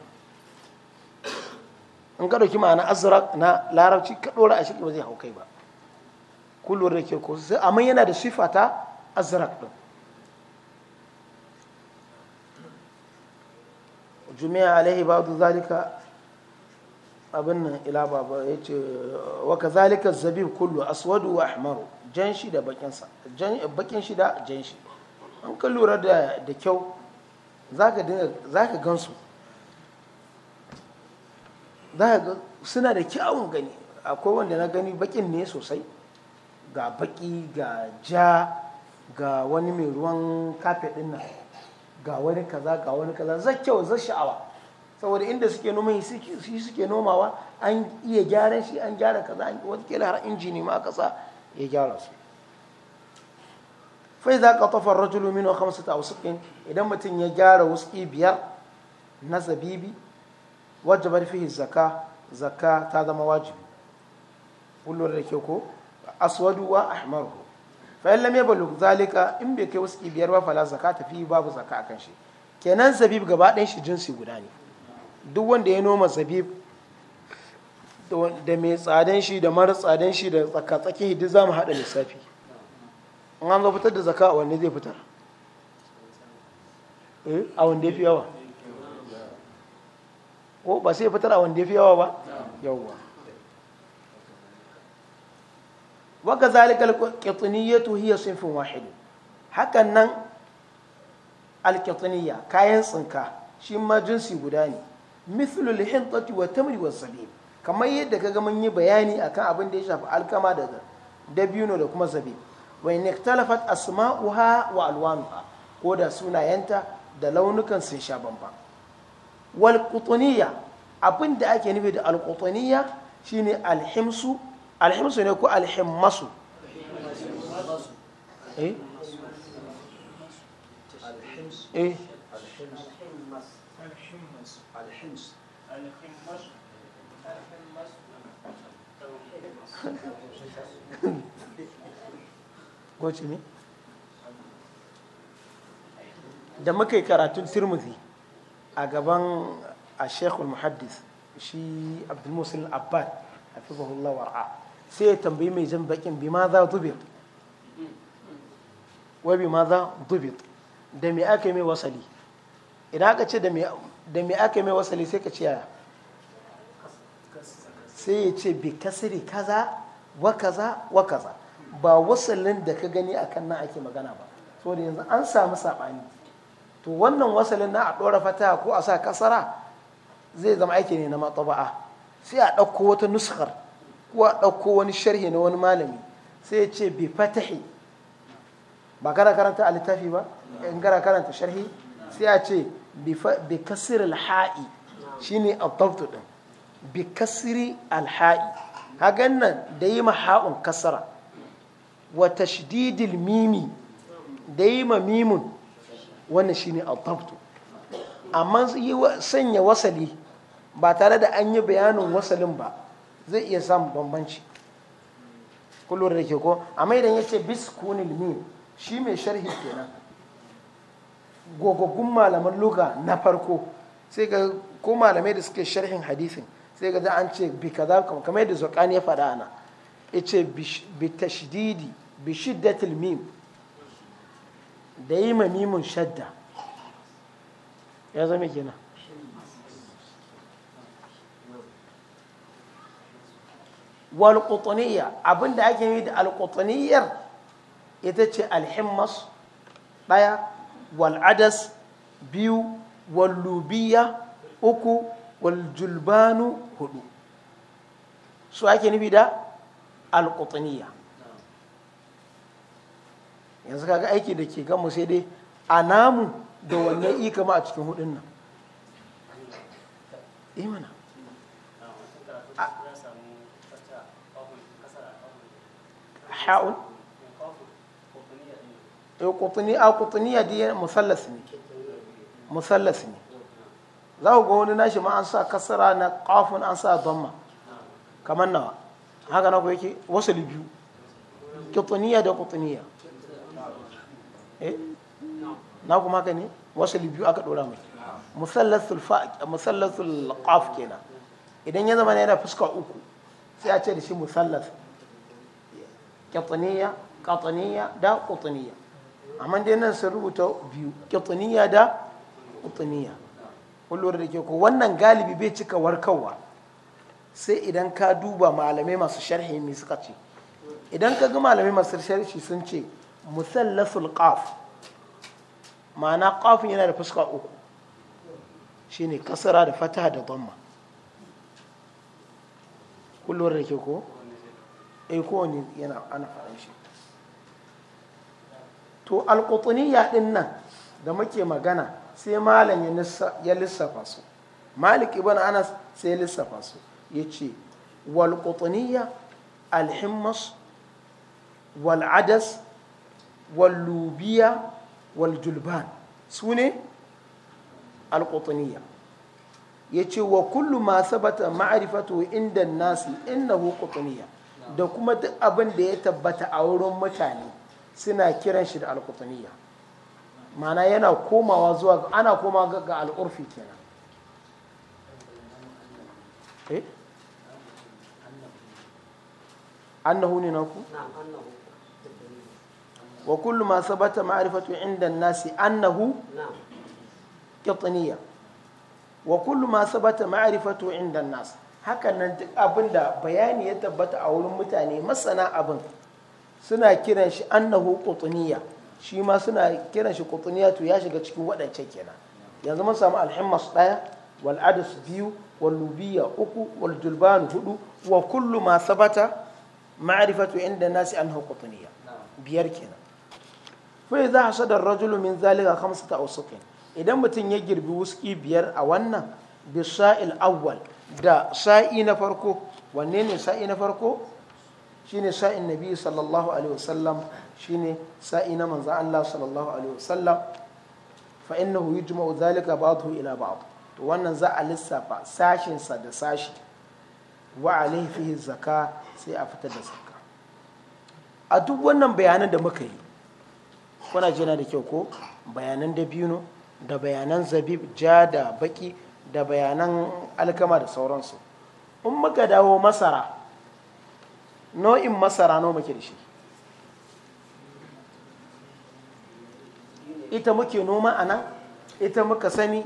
in ka dauki ma'ana azraq na larabci ka dora a shirki ba zai hau kai ba kullum da ke ko amma yana da sifa ta azraq din jumi'a alaihi ba'du zalika abin nan ila baba ya ce wa kazalika zabib kullu aswadu wa ahmaru jan shi da bakin sa bakin shi da jan shi an ka lura da kyau zaka dinga zaka gansu za ga suna da kyawun gani akwai wanda na gani bakin ne sosai ga baki ga ja ga wani mai ruwan kafe din nan ga wani kaza ga wani kaza zai kyau zai sha'awa saboda inda suke noma shi suke nomawa an iya gyara shi an gyara kaza an wata har injini ma kasa ya gyara su fai za ka tafar rajulu minu idan mutum ya gyara wuski biyar na zabibi wajabar fihi zaka zaka ta zama wajibi kullum da ke ko aswadu wa ahmaru fa in lam yabalu zalika in bai kai wasu biyar ba fala ta fi babu zaka akan shi kenan zabib gaba ɗayan shi jinsi guda ne duk wanda ya noma zabib da mai tsadan shi da mara tsadan shi da tsaka-tsaki duk za mu haɗa lissafi an zo fitar da zaka a wanne zai fitar eh, a wanda ya fi yawa ko ba sai fitar a wanda ya fi yawa ba yawa waka zalikal qitiniyatu hiya sinfin wahid hakan nan alqitiniya kayan tsinka shi ma jinsi guda ne mithlul hintati wa tamri wa zabib kamar yadda kaga mun yi bayani akan abin da ya shafi alkama da dabino da kuma zabib wa in ikhtalafat asma'uha wa alwanuha ko da sunayenta da launukan sun sha bambam wal qutniya abin da ake nufi da al shi ne alhimsu alhimsu ne ko alhimmasu eh eh ko ne da muka yi karatun turmuzi a gaban a shekul muhaddis shi abdulmusul abbad a fi war'a sai ya tambayi mai jan bakin bi ma za dubir wai bi ma za dubir da me aka yi mai wasali idan aka ce da me aka yi mai wasali sai ka ce yaya sai ya ce bi kasiri kaza wa kaza wa kaza ba wasalin da ka gani a kan nan ake magana ba saboda yanzu an samu saɓani to wannan wasalin na a ɗora fata ko a sa kasara zai zama aiki ne na mataba'a sai a ɗauko wata nuskar ko a ɗauko wani sharhi na wani malami sai ya ce bi fatahi ba kana karanta a littafi ba in kana karanta sharhi sai a ce bi kasir alha'i shine abdabtu ɗin bi alha'i hagan nan da yi ha'un kasara wa tashdidil mimi da yi mimun wannan shine al-dabtu amma sanya wasali ba tare da an yi bayanin wasalin ba zai iya samun bambanci kullum da ke ko amma idan ya ce biskunil min shi mai sharhi kenan gogaggun malaman luga na farko sai ga ko malamai da suke sharhin hadisin sai ga an ce bi kaza kamar yadda zokani ya faɗa ana ya ce bi tashdidi bi shiddatil mim da yi ma shadda ya zama abinda ake yi da al ita ce alhimmas ɗaya daya wal adas biyu walubiya uku waljulbanu hudu su ake nufi da al yanzu kaga aiki da ke kanmu sai dai a namu da wannan ika ma a cikin hudun nan imana eh ha'un eh, kutuni a kutuni ya diya musallas ne musallas ne za ku ga wani nashi ma an sa kasara na kafin an sa zama kamar nawa haka na ku yake wasu biyu kutuniya da kutuniya eh na kuma haka ne wasali biyu aka dora mai musallasul fa musallasul qaf kenan idan ya zama yana fuska uku sai a ce da shi musallas qataniya qataniya da qataniya amma dai nan sun rubuta biyu qataniya da qataniya kullum da ke ku wannan galibi bai cika warkarwa sai idan ka duba malamai masu sharhi me suka ce idan ka ga malamai masu sharhi sun ce musallasul qaf ma'ana qafin yana da fuska uku shine kasara da fataha da dhamma kullum da ke ko eh kowane yana ana faɗin shi to alƙutuniya din nan da muke magana sai malam ya lissafa su malik ibn anas sai ya lissafa su ya ce walƙutuniya alhimmas wal'adas wallubiya waljulban su ne alƙutuniya ya ce wa kullu ma sabata ma'arifatu inda nasi innahu qutuniya da kuma duk abin da ya tabbata a wurin mutane suna kiran shi da alqutuniya mana yana komawa zuwa ana koma ga al'urfi kenan eh annahu ne naku wa kullu ma sabata ma'rifatu inda nasi annahu qitniya wa kullu ma sabata ma'rifatu inda nas hakan nan duk abinda bayani ya tabbata a wurin mutane masana abin suna kiran shi annahu qutniya shi ma suna kiran shi qutniya to ya shiga cikin waɗancan kenan yanzu mun samu alhimmas ɗaya wal adus biyu wal lubiya uku wal julban hudu wa kullu ma sabata ma'rifatu inda nasi annahu qutniya biyar kenan fa idza hasada ar-rajulu min zalika khamsata awsuqin idan mutum ya girbi wuski biyar a wannan bi sa'il awwal da sa'i na farko wanne ne sa'i na farko shine sa'in nabi sallallahu alaihi wasallam shine sa'i na manzo Allah sallallahu alaihi wasallam fa innahu yujma'u zalika ba'dahu ila ba'd to wannan za a lissafa sashin sa da sashi wa alaihi fihi zakka sai a fitar da zakka a duk wannan bayanan da muka yi kuna na da kyau ko bayanan dabino da bayanan zabib ja da baki da bayanan alkama da sauransu in muka dawo masara nau'in masara no muke da shi ita muke noma a nan ita muka sani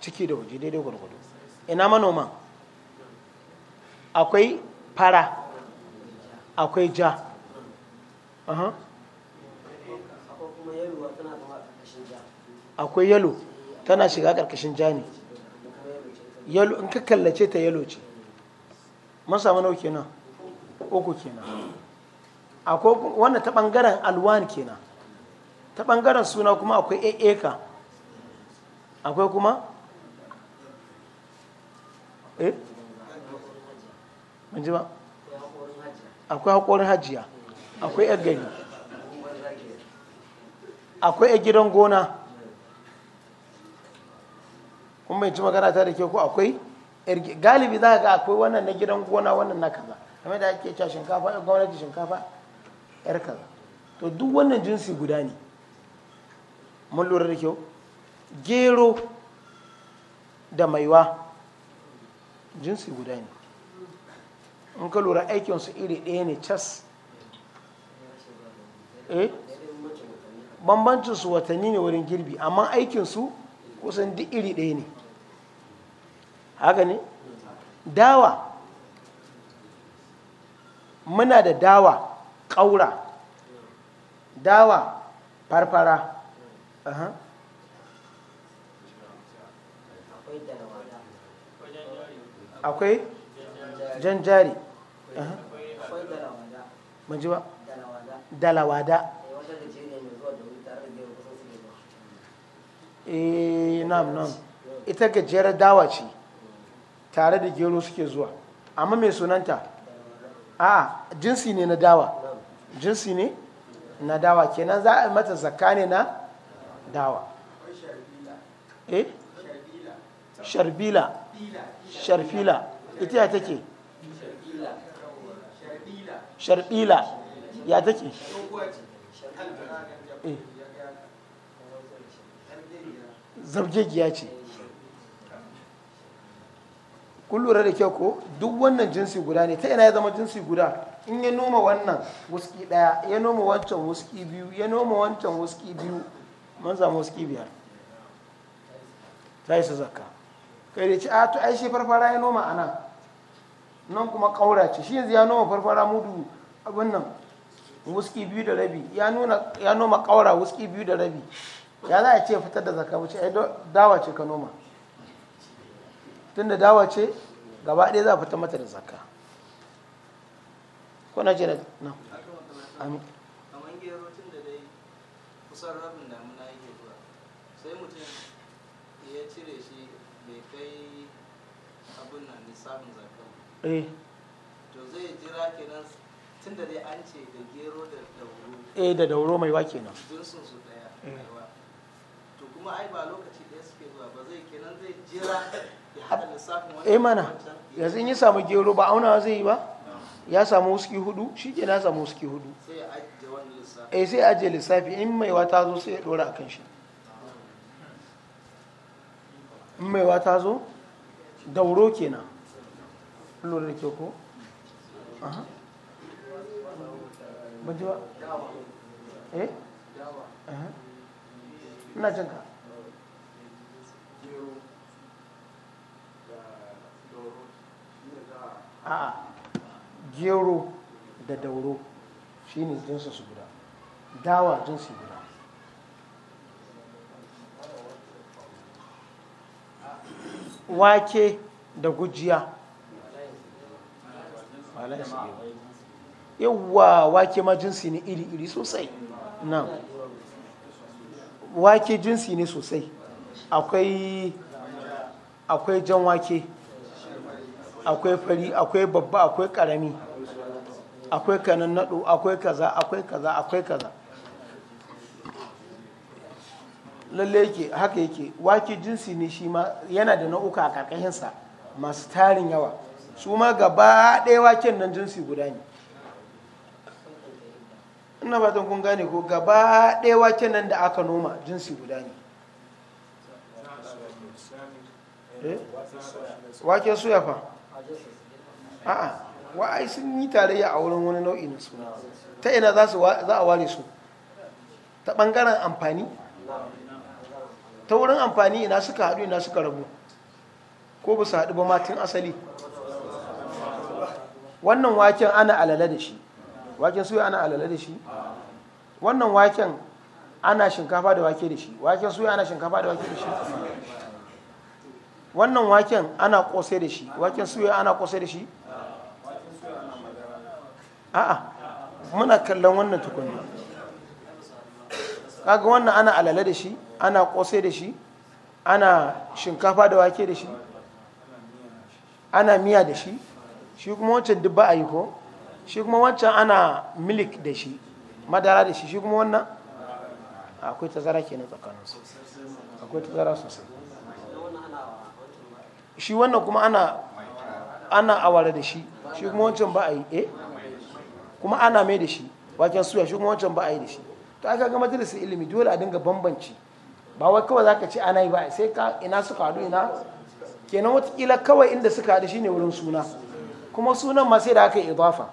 ciki da waje daidai gwargwado ina manoma akwai fara akwai ja akwai yalo tana shiga karkashin jani yalo in ka kallace ta yalo ce mun samu nau kenan uku kenan akwai wannan ta ɓangaren alwan kenan ta ɓangaren suna kuma akwai ka akwai kuma eh ji ba akwai haƙorin hajiya akwai 'yar gari akwai 'yar gidan gona kun bai ci magana ta da ke ko akwai galibi za ga akwai wannan na gidan gona wannan na kaza kuma da ake cewa shinkafa ya eh, gwamnati shinkafa yar kaza to duk wannan jinsi guda ne mun lura da kyau gero da maiwa jinsi guda ne in ka lura aikinsu iri ɗaya ne cas eh bambancin su watanni ne wurin girbi amma aikinsu kusan duk iri ɗaya ne haka ne dawa muna da dawa ƙaura dawa farfara akwai jan jari manji ba dalawada eh nam nam ita gajiyar dawa ce tare da gero suke zuwa amma mai sunanta a jinsi ne na dawa jinsi ne na dawa kenan za a mata zakka ne na dawa eh sharbila sharfila ita ya take sharbila ya take eh. zabjegiya ce kun lura da kyau ko duk wannan jinsi guda ne ta ina ya zama jinsi guda in ya noma wannan wuski daya ya noma wancan wuski biyu ya noma wancan wuski biyu man zama wuski biyar ta yi su zakka kai da ci a to ai shi farfara ya noma ana nan kuma kaura ce shi yanzu ya noma farfara mudu abin nan wuski biyu da rabi ya noma kaura wuski biyu da rabi ya za a ce fitar da zakka wuce ai dawa ce ka noma tunda dawa ce gaba ɗaya za a fita mata da zakka na ce na amin gero tun da dai kusan rabin damuna yake zuwa sai mutum ya cire shi bai kai abin nan lissafin zakka eh. to zai jira kenan tun da dai an ce da gero da dauro eh da dauro mai wa kenan jinsun su daya eh. kuma ai zai kenan eh mana yanzu in ya samu gero ba aunawa zai yi ba ya samu wuski hudu shi ke na samu wuski hudu eh sai ajiye lissafi in zo sai ya ɗora a kan shi in mai wata zo dauro kenan lura da ke ko ji ba eh ina jinka a'a gero da dauro shi ne jinsa su guda dawa jinsi guda wake da gujiya yawwa wake ma jinsi ne iri-iri sosai nan wake jinsi ne sosai akwai jan wake akwai fari akwai babba akwai karami akwai kanan nadu akwai kaza akwai kaza akwai kaza lalle yake haka yake wake jinsi ne shi ma yana da nau'uka a ƙarƙashinsa masu tarin yawa su ma gaba ɗaya waken nan jinsi guda ne ina fatan kun gane ko gaba ɗaya waken nan da aka noma jinsi guda ne eh? waken suya fa a'a wa ai sun yi tarayya a wurin wani nau'i na suna ta ina za a ware su ta bangaren amfani ta wurin amfani ina suka haɗu ina suka rabu ko ba su haɗu ba matin asali wannan waken ana alala da shi waken suya ana alala da shi wannan waken ana shinkafa da wake da shi waken suya ana shinkafa da wake da shi wannan waken ana kosai da shi waken suya ana kosai da shi a'a muna kallon wannan tukunna kaga wannan ana alale da shi ana kosai da shi ana shinkafa da wake da shi ana miya da shi shi kuma wancan dubba a yi ko shi kuma wancan ana milik da shi madara da shi shi kuma wannan akwai tazara tsakanin tsakaninsu akwai tazara sosai shi wannan kuma ana ana awara da shi shi kuma wancan ba a yi eh kuma ana mai da shi waken suya shi kuma wancan ba a yi da shi to aka ga majalisar ilimi dole a dinga bambanci ba wai kawai zaka ce ana yi ba sai ka ina suka haɗu ina kenan watakila kawai inda suka haɗu shine wurin suna kuma sunan ma sai da aka yi idafa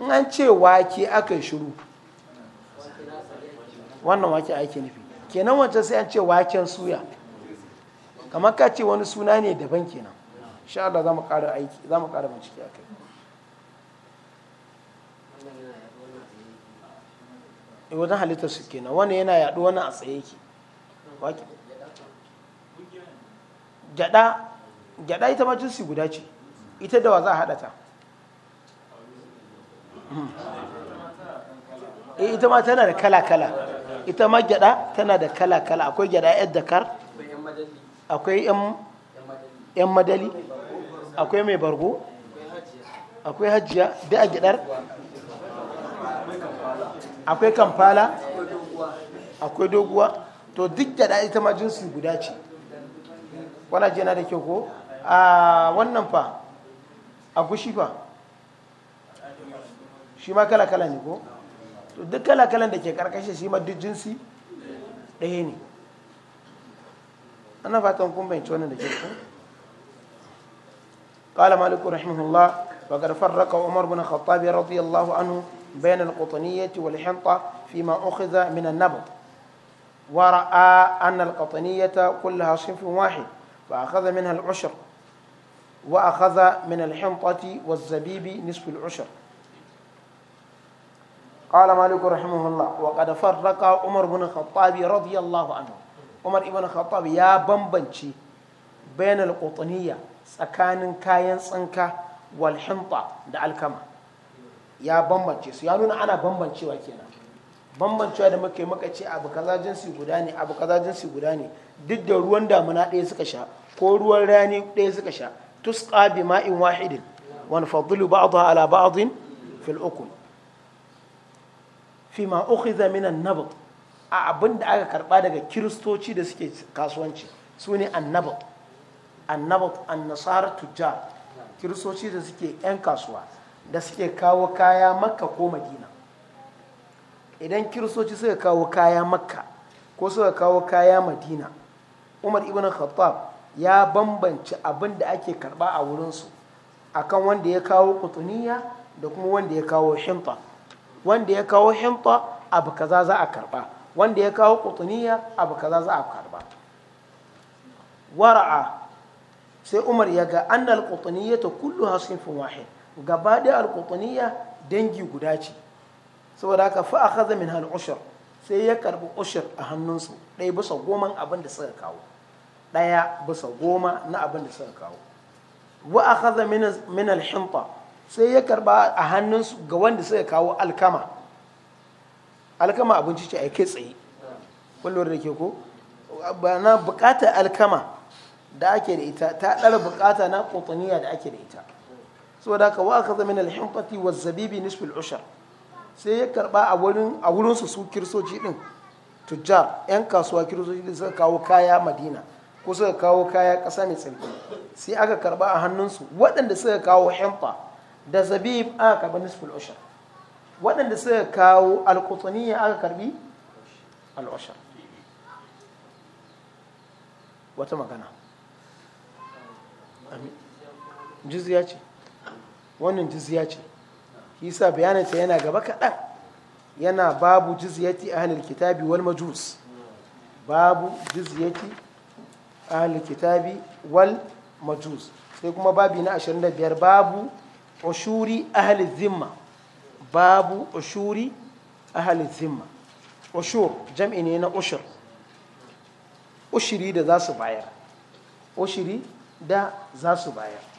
in an ce wake aka yi shiru wannan wake ake nufi kenan wancan sai an ce waken suya kamar ka ce wani suna ne daban kenan insha Allah za mu ƙara aiki za mu ƙara bincike akai wajen halittar su kenan wani yana yaɗu wani a tsaye ke gyada ita ma jinsi guda ce ita da wa za a haɗa ta hmm. eh, ita ma tana da kala-kala ita ma gyada tana da kala-kala akwai gyada yadda dakar akwai yan madali akwai mai bargo akwai hajjiya da a gyadar akwai kamfala akwai doguwa to duk da ita ma jinsi guda ce wana jina da kyau ko a wannan fa a gushi fa shi ma kala-kala ne ko to duk kala-kalan da ke karkashe shi ma duk jinsi ɗaya ne ana fatan kun bayanci wannan da ke ko قال مالك رحمه الله وقد فرق عمر بن الخطاب رضي الله عنه بين القطنية والحنطة فيما أخذ من النبض ورأى أن القطنية كلها صنف واحد فأخذ منها العشر وأخذ من الحنطة والزبيب نصف العشر قال مالك رحمه الله وقد فرق عمر بن الخطاب رضي الله عنه عمر بن الخطاب يا بمبنشي بين القطنية سكان كاين سنكا والحنطة دع الكما ya bambance su ya nuna ana bambancewa kenan bambancewa da muka yi muka ce abu kaza jinsi guda ne abu kaza jinsi guda ne duk da ruwan damuna ɗaya suka sha ko ruwan rani ɗaya suka sha tusqa bi ma'in wahidin wa nufaddilu ba'daha ala ba'din fil ukul fi ma ukhidha min an-nabt a abin da aka karba daga kiristoci da suke kasuwanci su ne annabat an annasara tujjar kiristoci da suke 'yan kasuwa da suke kawo kaya makka ko madina idan kiristoci suka kawo kaya makka ko suka kawo kaya madina umar ibn khattab ya bambanci abin da ake karba a wurinsu akan wanda ya kawo kutuniya da kuma wanda ya kawo shinta wanda ya kawo shinta abu kaza za a karba wanda ya kawo kutuniya abu kaza za a karba wara'a sai umar ya ga annal ta kullu hasinfin wahid gaba da alƙutuniya dangi guda ce saboda haka fa a kaza min ushur sai ya karbi ushur a hannunsu ɗaya bisa goma abin da suka kawo ɗaya bisa goma na abin da suka kawo wa a kaza min alhinta sai ya karba a hannunsu ga wanda suka kawo alkama alkama abinci ce a kai tsaye kullum da ke ko na bukatar alkama da ake da ita ta ɗara bukata na ƙotaniya da ake da ita saboda ka wa zama na al-himqati waz-zabibi nishfil ushar sai ya karba a wurin a wurin su su kirsoci din tujjar yan kasuwa kirsoci din suka kawo kaya Madina ko suka kawo kaya kasa mai tsarki sai aka karba a hannunsu waɗanda suka kawo himfa da zabib aka karba nishfil ushar waɗanda suka kawo al-qutaniyya aka karbi al'ushar wata magana jizya ce wannan jizya ce shi sa bayananta yana gaba kaɗan yana babu a halin kitabi wal majus babu a halin kitabi wal majus sai kuma babi na 25 babu ushuri halin zimma babu ushuri halin zimma ushur jam'i ne na ushur ushiri da za su bayar ushiri da za su bayar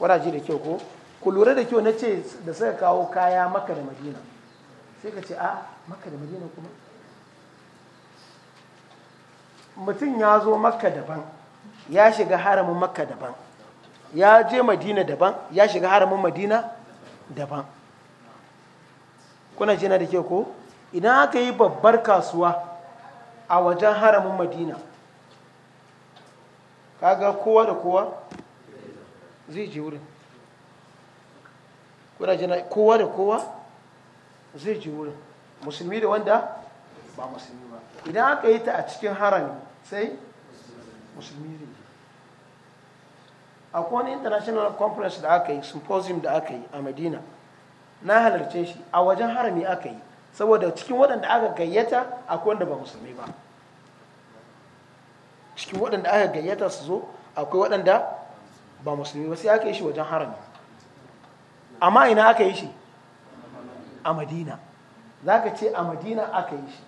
kwaraji da kyau ko ku lura da kyau na ce da suka kawo kaya maka da madina sai ka ce a ah, maka da madina kuma mutum ya zo maka daban ya shiga haramun maka daban ya je madina daban ya shiga haramun madina daban kuna jina da kyau ko idan aka yi babbar kasuwa a wajen haramun madina kaga kowa da kowa zai je wurin kuna jina kowa da kowa zai je wurin musulmi da wanda ba musulmi ba idan aka yi ta a cikin harami sai musulmi zai je akwai international conference da aka yi symposium da aka yi a madina na halarce shi a wajen harami aka yi saboda cikin waɗanda aka gayyata akwai wanda ba musulmi ba cikin waɗanda aka gayyata su zo akwai waɗanda ba musulmi ba sai aka yi shi wajen harami amma ina aka yi shi a madina za ka ce a madina aka yi shi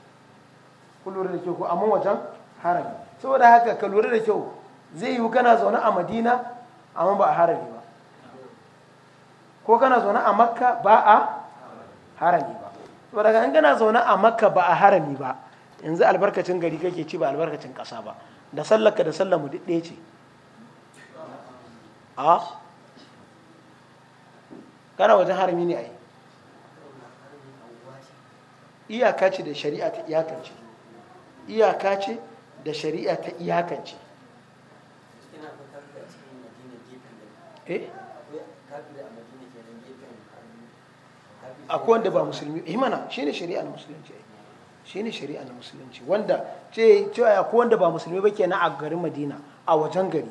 ku lura da kyau ko amma wajen harami saboda haka ka lura da kyau zai yiwu kana zaune a madina amma ba a harami ba ko kana zaune a makka ba a harami ba saboda haka in kana zaune a makka ba a harami ba yanzu albarkacin gari kake ci ba albarkacin ƙasa ba da sallaka da sallar mu duk ɗaya ce a kana wajen harami ne a yi iyaka ce da shari'a ta iyakance iyaka ce da shari'a ta iyakance a eh? akwai wanda ba musulmi yi eh mana shi ne shari'a na musulunci shi ne shari'a na musulunci wanda ce cewa akwai wanda ba musulmi ba ke na a garin Madina a wajen gari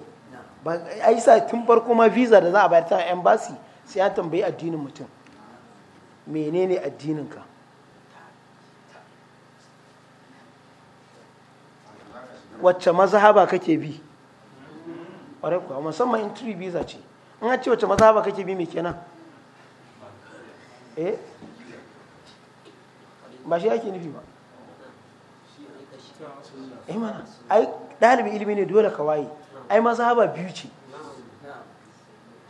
yi sa tun farko ma visa da za a bayar ta embassy sai an tambayi addinin mutum menene addininka wacce mazahaba kake bi ƙwarai kuwa musamman entry visa ce in an ce wacce mazahaba kake bi mai kenan eh ba shi yake nufi ba eh ai ɗalibin ilimi ne dole ka waye ai mazhaba biyu ce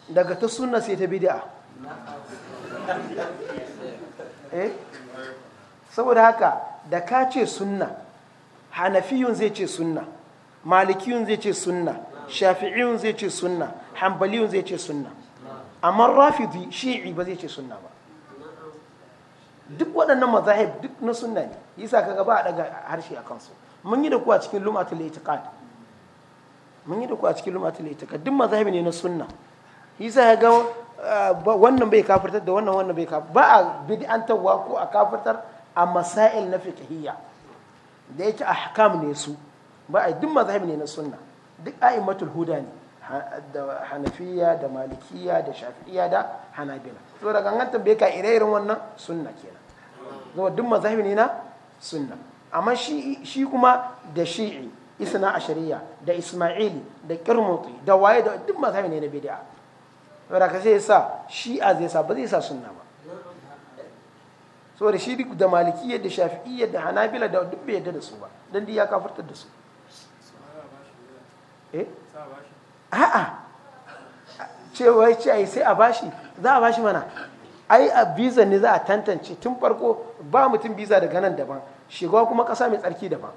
daga ta sunna sai ta bid'a eh saboda haka da ka ce sunna hanafiyun zai ce sunna malikiyun zai ce sunna shafi'iyun zai ce sunna hanbaliyun zai ce sunna amma rafidi shi'i ba zai ce sunna ba duk waɗannan mazahib duk na sunna ne yasa kaga ba a daga harshe a kansu mun yi da kuwa cikin lumatul itiqad mun yi da ku a cikin lumatul itika duk mazhabi ne na sunna yasa ga ah, wannan bai kafirtar da wannan wannan bai kafirtar ba a bid'antarwa ko a kafirtar a masail na fiqhiyya da yake ahkam ne su ba a duk mazhabi ne na sunna duk a'immatul huda ne da hanafiya da malikiya da shafi'iya da hanabila to daga ganganta bai ka ire-iren wannan sunna kenan zuwa duk mazhabi ne na sunna amma shi kuma da shi'i isna ashariya da isma'ili da kirmuti da waye da duk masu ne na bidiya wadda ka sai sa a zai sa ba zai sa sunna ba saboda shi duk da malikiyya da shafi'iyya da hanabila da duk bai yadda da su ba dan ya kafartar da su eh a'a cewa ce ai sai a bashi za a bashi mana ai a biza ne za a tantance tun farko ba mutum biza daga nan daban shiga kuma kasa mai tsarki daban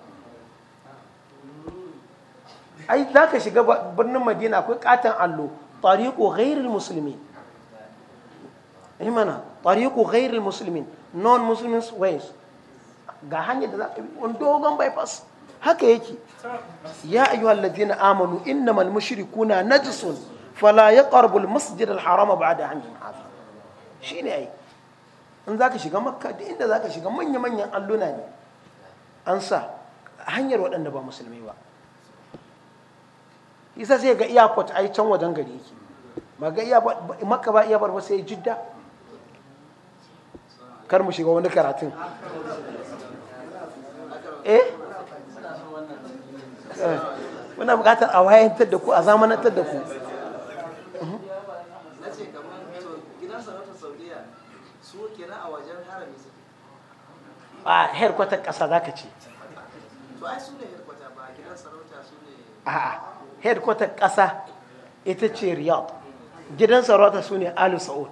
ai za ka shiga birnin madina akwai katon allo tariqu ghairil muslimin imana tariqu ghairil muslimin non muslims ways ga hanyar da za ka bi on dogon bypass haka yake ya ayyuhal ladina amanu innamal mushrikuna najsun fala yaqrabu al masjid al haram ba'da an hafa shine ai in zaka shiga makka da inda zaka shiga manya manyan alluna ne an sa hanyar waɗanda ba musulmi ba isa sai ga airport ai can wajen gari yake ba ga maka ba iya barba sai jidda kar mu shiga wani karatun eh, eh muna bukatar a wayantar da ku a zamanantar da ku mhm. a herkwatar ƙasa za ka ce su ne herkwata ba gidan sarauta su ne a'a headquarter ƙasa ita ce riyadh gidan sarauta su ne alu sa'ud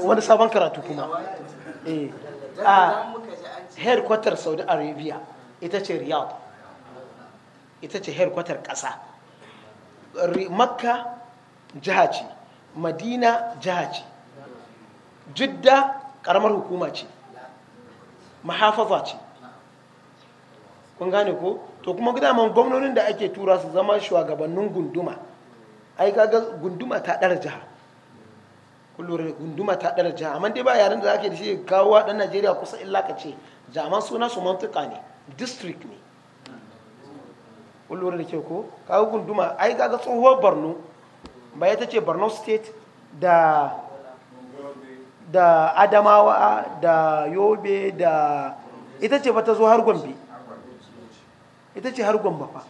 wani sabon karatu kuma eh. a headquarter saudi arabia ita ce riyadh ita ce headquarter ƙasa makka jiha ce madina jiha ce jidda ƙaramar hukuma ce mahafafa ce kun gane ko to kuma daman gwamnonin da ake tura su zama shugabannin gunduma ai kaga gunduma ta ɗara jiha kullum gunduma ta ɗara jiha amma dai ba yaren da zake da shi kawo dan najeriya kusa illa ka ce jaman suna su mantuka ne district ne kullum da ke ko kaga gunduma ai kaga tsohuwar borno ba ya tace borno state da da adamawa da yobe da ita ce ba ta zo har gombe ita ce har gwamba fa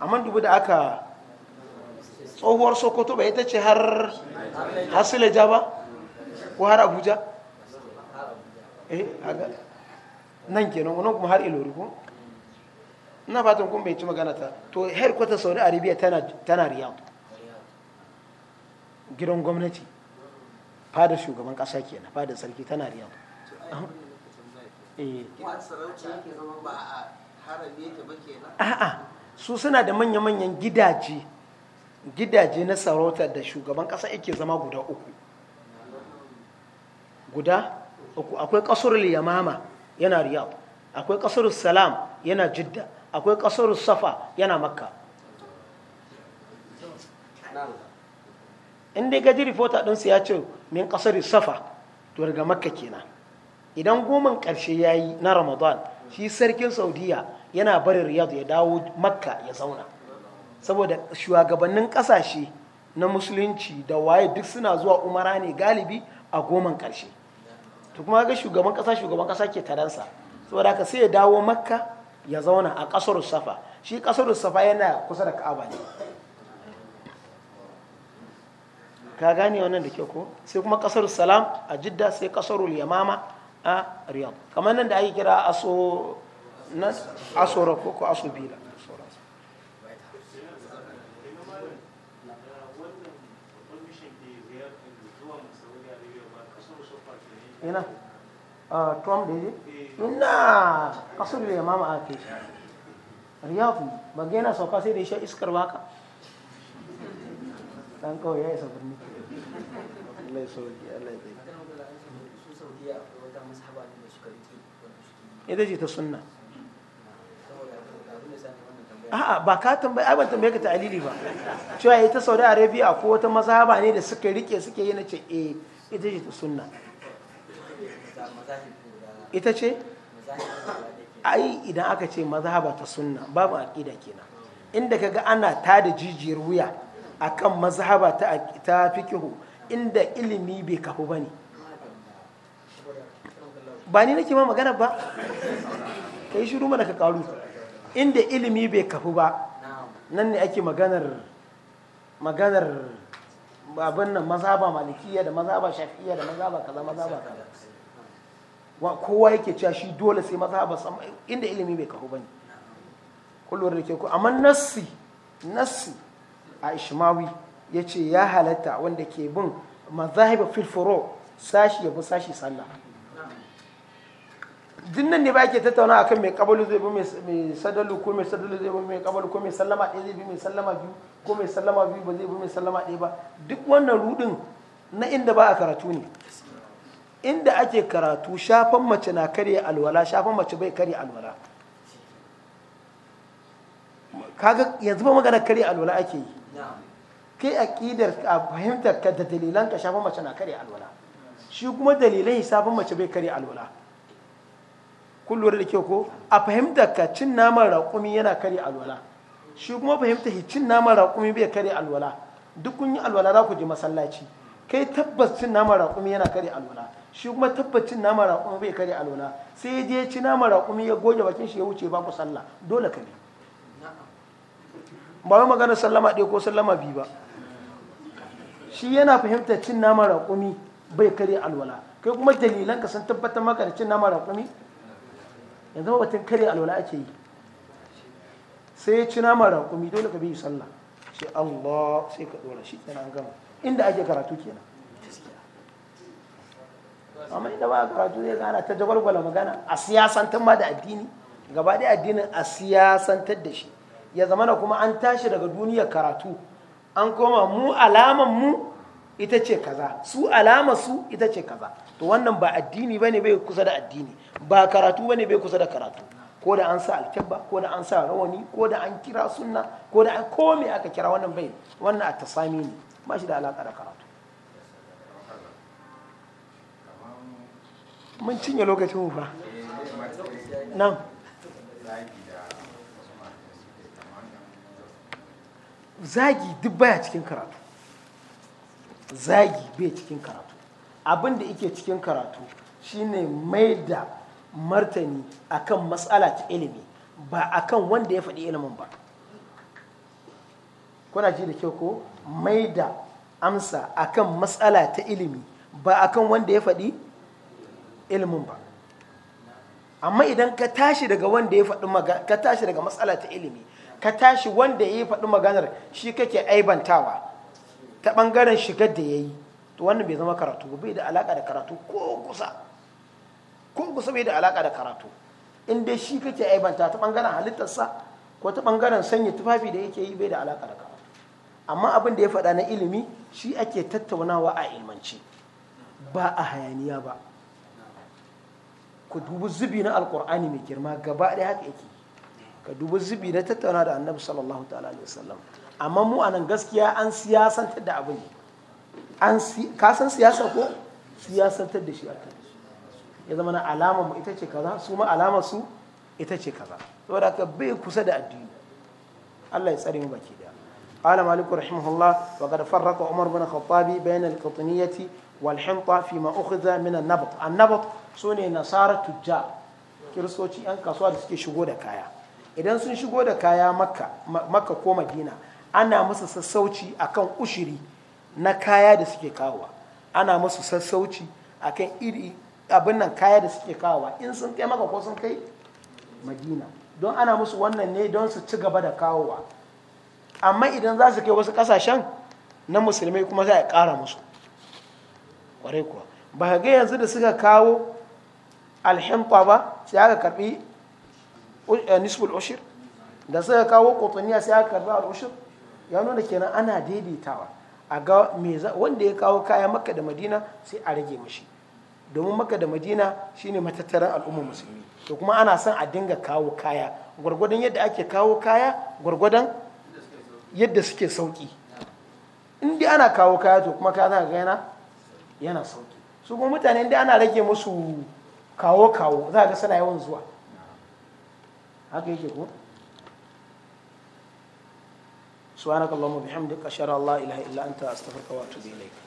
amma dubu da aka tsohuwar sokoto ba ita ce har hasileja ba ko har abuja eh nan kenan wani kuma har ilori ko na fatan kun bai ci magana ta to kwata saudi arabia tana riyadu gidan gwamnati fadar shugaban kasa kenan fadar sarki tana riyadu a'a su suna da manya-manyan gidaje gidaje na sarauta da shugaban ƙasa yake zama guda uku guda uku akwai ƙasar yamama yana riyadh akwai ƙasar salam yana jidda akwai ƙasar safa yana makka inda gaji rifota ɗinsu ya ce min kasar safa to daga makka kenan idan goma ƙarshe ya yi na ramadan shi sarkin saudiya yana barin riyadu ya dawo makka ya zauna saboda shugabannin kasashe na musulunci da waye duk suna zuwa umara ne galibi a goman karshe to kuma ga shugaban kasa shugaban kasa ke taransa saboda haka sai ya dawo makka ya zauna a kasar safa shi kasar safa yana kusa da ka'aba ne ka gane wannan da kyau ko sai kuma kasar salam a jidda sai kasar yamama a riyadh kamar nan da ake kira aso na asora ko ko aso bila ina a tom da yi ina kasu da yamma a ke shi riyadh ba gina sauka sai da ya sha iskar waka dan kawai ya isa birni Allah ya sauki Allah ya tsaye ita ce ta sunna a'a ba ka tambaye ai ban tambaye ka ta'alili ba cewa ita ta Saudi Arabia ko wata mazaba ne da suka rike suke yi nace eh ita ce ta sunna ita ce ai idan aka ce mazhaba ta sunna babu aqida kenan inda kaga ana ta da jijiyar wuya akan mazhaba ta ta fikihu inda ilimi bai kafu bane ba ni nake ma magana ba ka yi shiru mana ka karu inda ilimi bai kafu ba nan ne ake maganar maganar abin nan ba malikiya da mazhaba shafiya da mazhaba kaza ba kaza kowa yake cewa shi dole sai sama inda ilimi bai kafu bane kullum da ke ku amma nassi nassi a ishmawi ya ce ya halatta wanda ke bin mazahiba fil sashi ya fi sashi sallah dinnan ne ba ke tattauna akan mai kabalu zai bi mai sadalu ko mai sadalu zai bi mai kabalu ko mai sallama ɗaya zai bi mai sallama biyu ko mai sallama biyu ba zai bi mai sallama ɗaya ba duk wannan rudin na inda ba a karatu ne inda ake karatu shafan mace na karya alwala shafan mace bai karya alwala kaga yanzu ba magana karya alwala ake yi kai aqidar a fahimtar ka da dalilan ka shafan mace na karya alwala shi kuma dalilan shafan mace bai karya alwala kun da kyau ko a fahimta ka cin naman raƙumi yana kare alwala shi kuma fahimta cin naman raƙumi bai kare alwala duk kun yi alwala za ku je masallaci kai tabbas cin naman raƙumi yana kare alwala shi kuma tabbas cin naman raƙumi bai kare alwala sai ya je ci naman raƙumi ya goge bakin shi ya wuce ba ku sallah dole ka bi ba wai magana sallama ɗaya ko sallama biyu ba shi yana fahimtar cin naman raƙumi bai kare alwala kai kuma dalilan ka san tabbatar maka da cin naman raƙumi yanzu mabatin batun kare alwala ake yi sai ya ci naman raƙumi dole ka bi sallah sai Allah sai ka dora shi yana gama inda ake karatu kenan amma inda ba karatu zai gana ta jagwalgwala magana a siyasantar ma da addini gaba da addinin a siyasantar da shi ya zama zamana kuma an tashi daga duniya karatu an koma mu alaman mu ita ce kaza su alama su ita ce kaza to wannan ba addini bane bai kusa da addini ba karatu bane bai kusa da karatu ko da an sa alkyabba ko da an sa rawani ko da an kira sunna ko da an kome aka kira wannan bai wannan a tasami ne ba shi da alaƙa da karatu mun cinye lokacin mu ba nan zagi duk baya cikin karatu zagi bai cikin karatu abin da yake cikin karatu shine mai da martani akan matsala ta ilimi ba akan wanda ya faɗi ilimin ba kuna ji da kyau ko mai da amsa akan matsala ta ilimi ba akan wanda ya faɗi ilimin ba amma idan ka tashi daga wanda ya faɗi ka tashi daga matsala ta ilimi ka tashi wanda ya faɗi maganar shi kake aibantawa ta ɓangaren shigar da ya yi to wannan bai zama karatu bai da alaƙa da karatu ko kusa ko ku saboda alaka da karatu in dai shi kake aibanta ta bangaren halittarsa ko ta bangaren sanya tufafi da yake yi bai da alaka da karatu amma abin da ya faɗa na ilimi shi ake tattaunawa a ilmanci ba a hayaniya ba ku dubi zubi na alkur'ani mai girma gaba ɗaya haka yake ka dubi zubi na tattauna da annabi sallallahu ta'ala alaihi wasallam amma mu anan gaskiya an siyasantar da abin an ka san siyasa ko siyasantar da shi akai ya zama na alama mu ita ce kaza su ma alama su ita ce kaza saboda haka bai kusa da addini Allah ya tsare mu baki daya قال مالك رحمه الله وقد فرق عمر بن الخطاب بين القطنية والحنطة فيما أخذ من النبط النبط سوني نصارى تجار كرسوتي أن كسوار سكي شغو دا كايا إذن سن شغو دا كايا مكة مكة كو مدينة أنا مسا سسوتي أكون أشري na kaya da suke kawowa ana musu sassauci akan iri abin nan kaya da suke kawowa in sun kai maka ko sun kai madina don ana musu wannan ne don su ci gaba da kawowa amma idan za su kai wasu kasashen na musulmai kuma za a kara musu kwarai kuwa ba ka ga yanzu da suka kawo alhimpa ba sai aka karbi eh, nisbul ushir da suka kawo kotoniya sai aka karbi al-ushir ya nuna kenan ana daidaitawa a ga wanda ya kawo kaya maka da madina sai a rage mashi domin maka da madina shine matattaran al'ummar musulmi to kuma ana son a dinga kawo kaya gwargwadon yadda ake kawo kaya gwargwadon yadda suke sauki indi ana kawo kaya to kuma kaya za ga yana yana sauki su kuma mutane indi ana rage musu kawo kawo za ga suna yawan zuwa haka yake ko سبحانك اللهم وبحمدك أشهد أن لا إله إلا أنت أستغفرك وأتوب إليك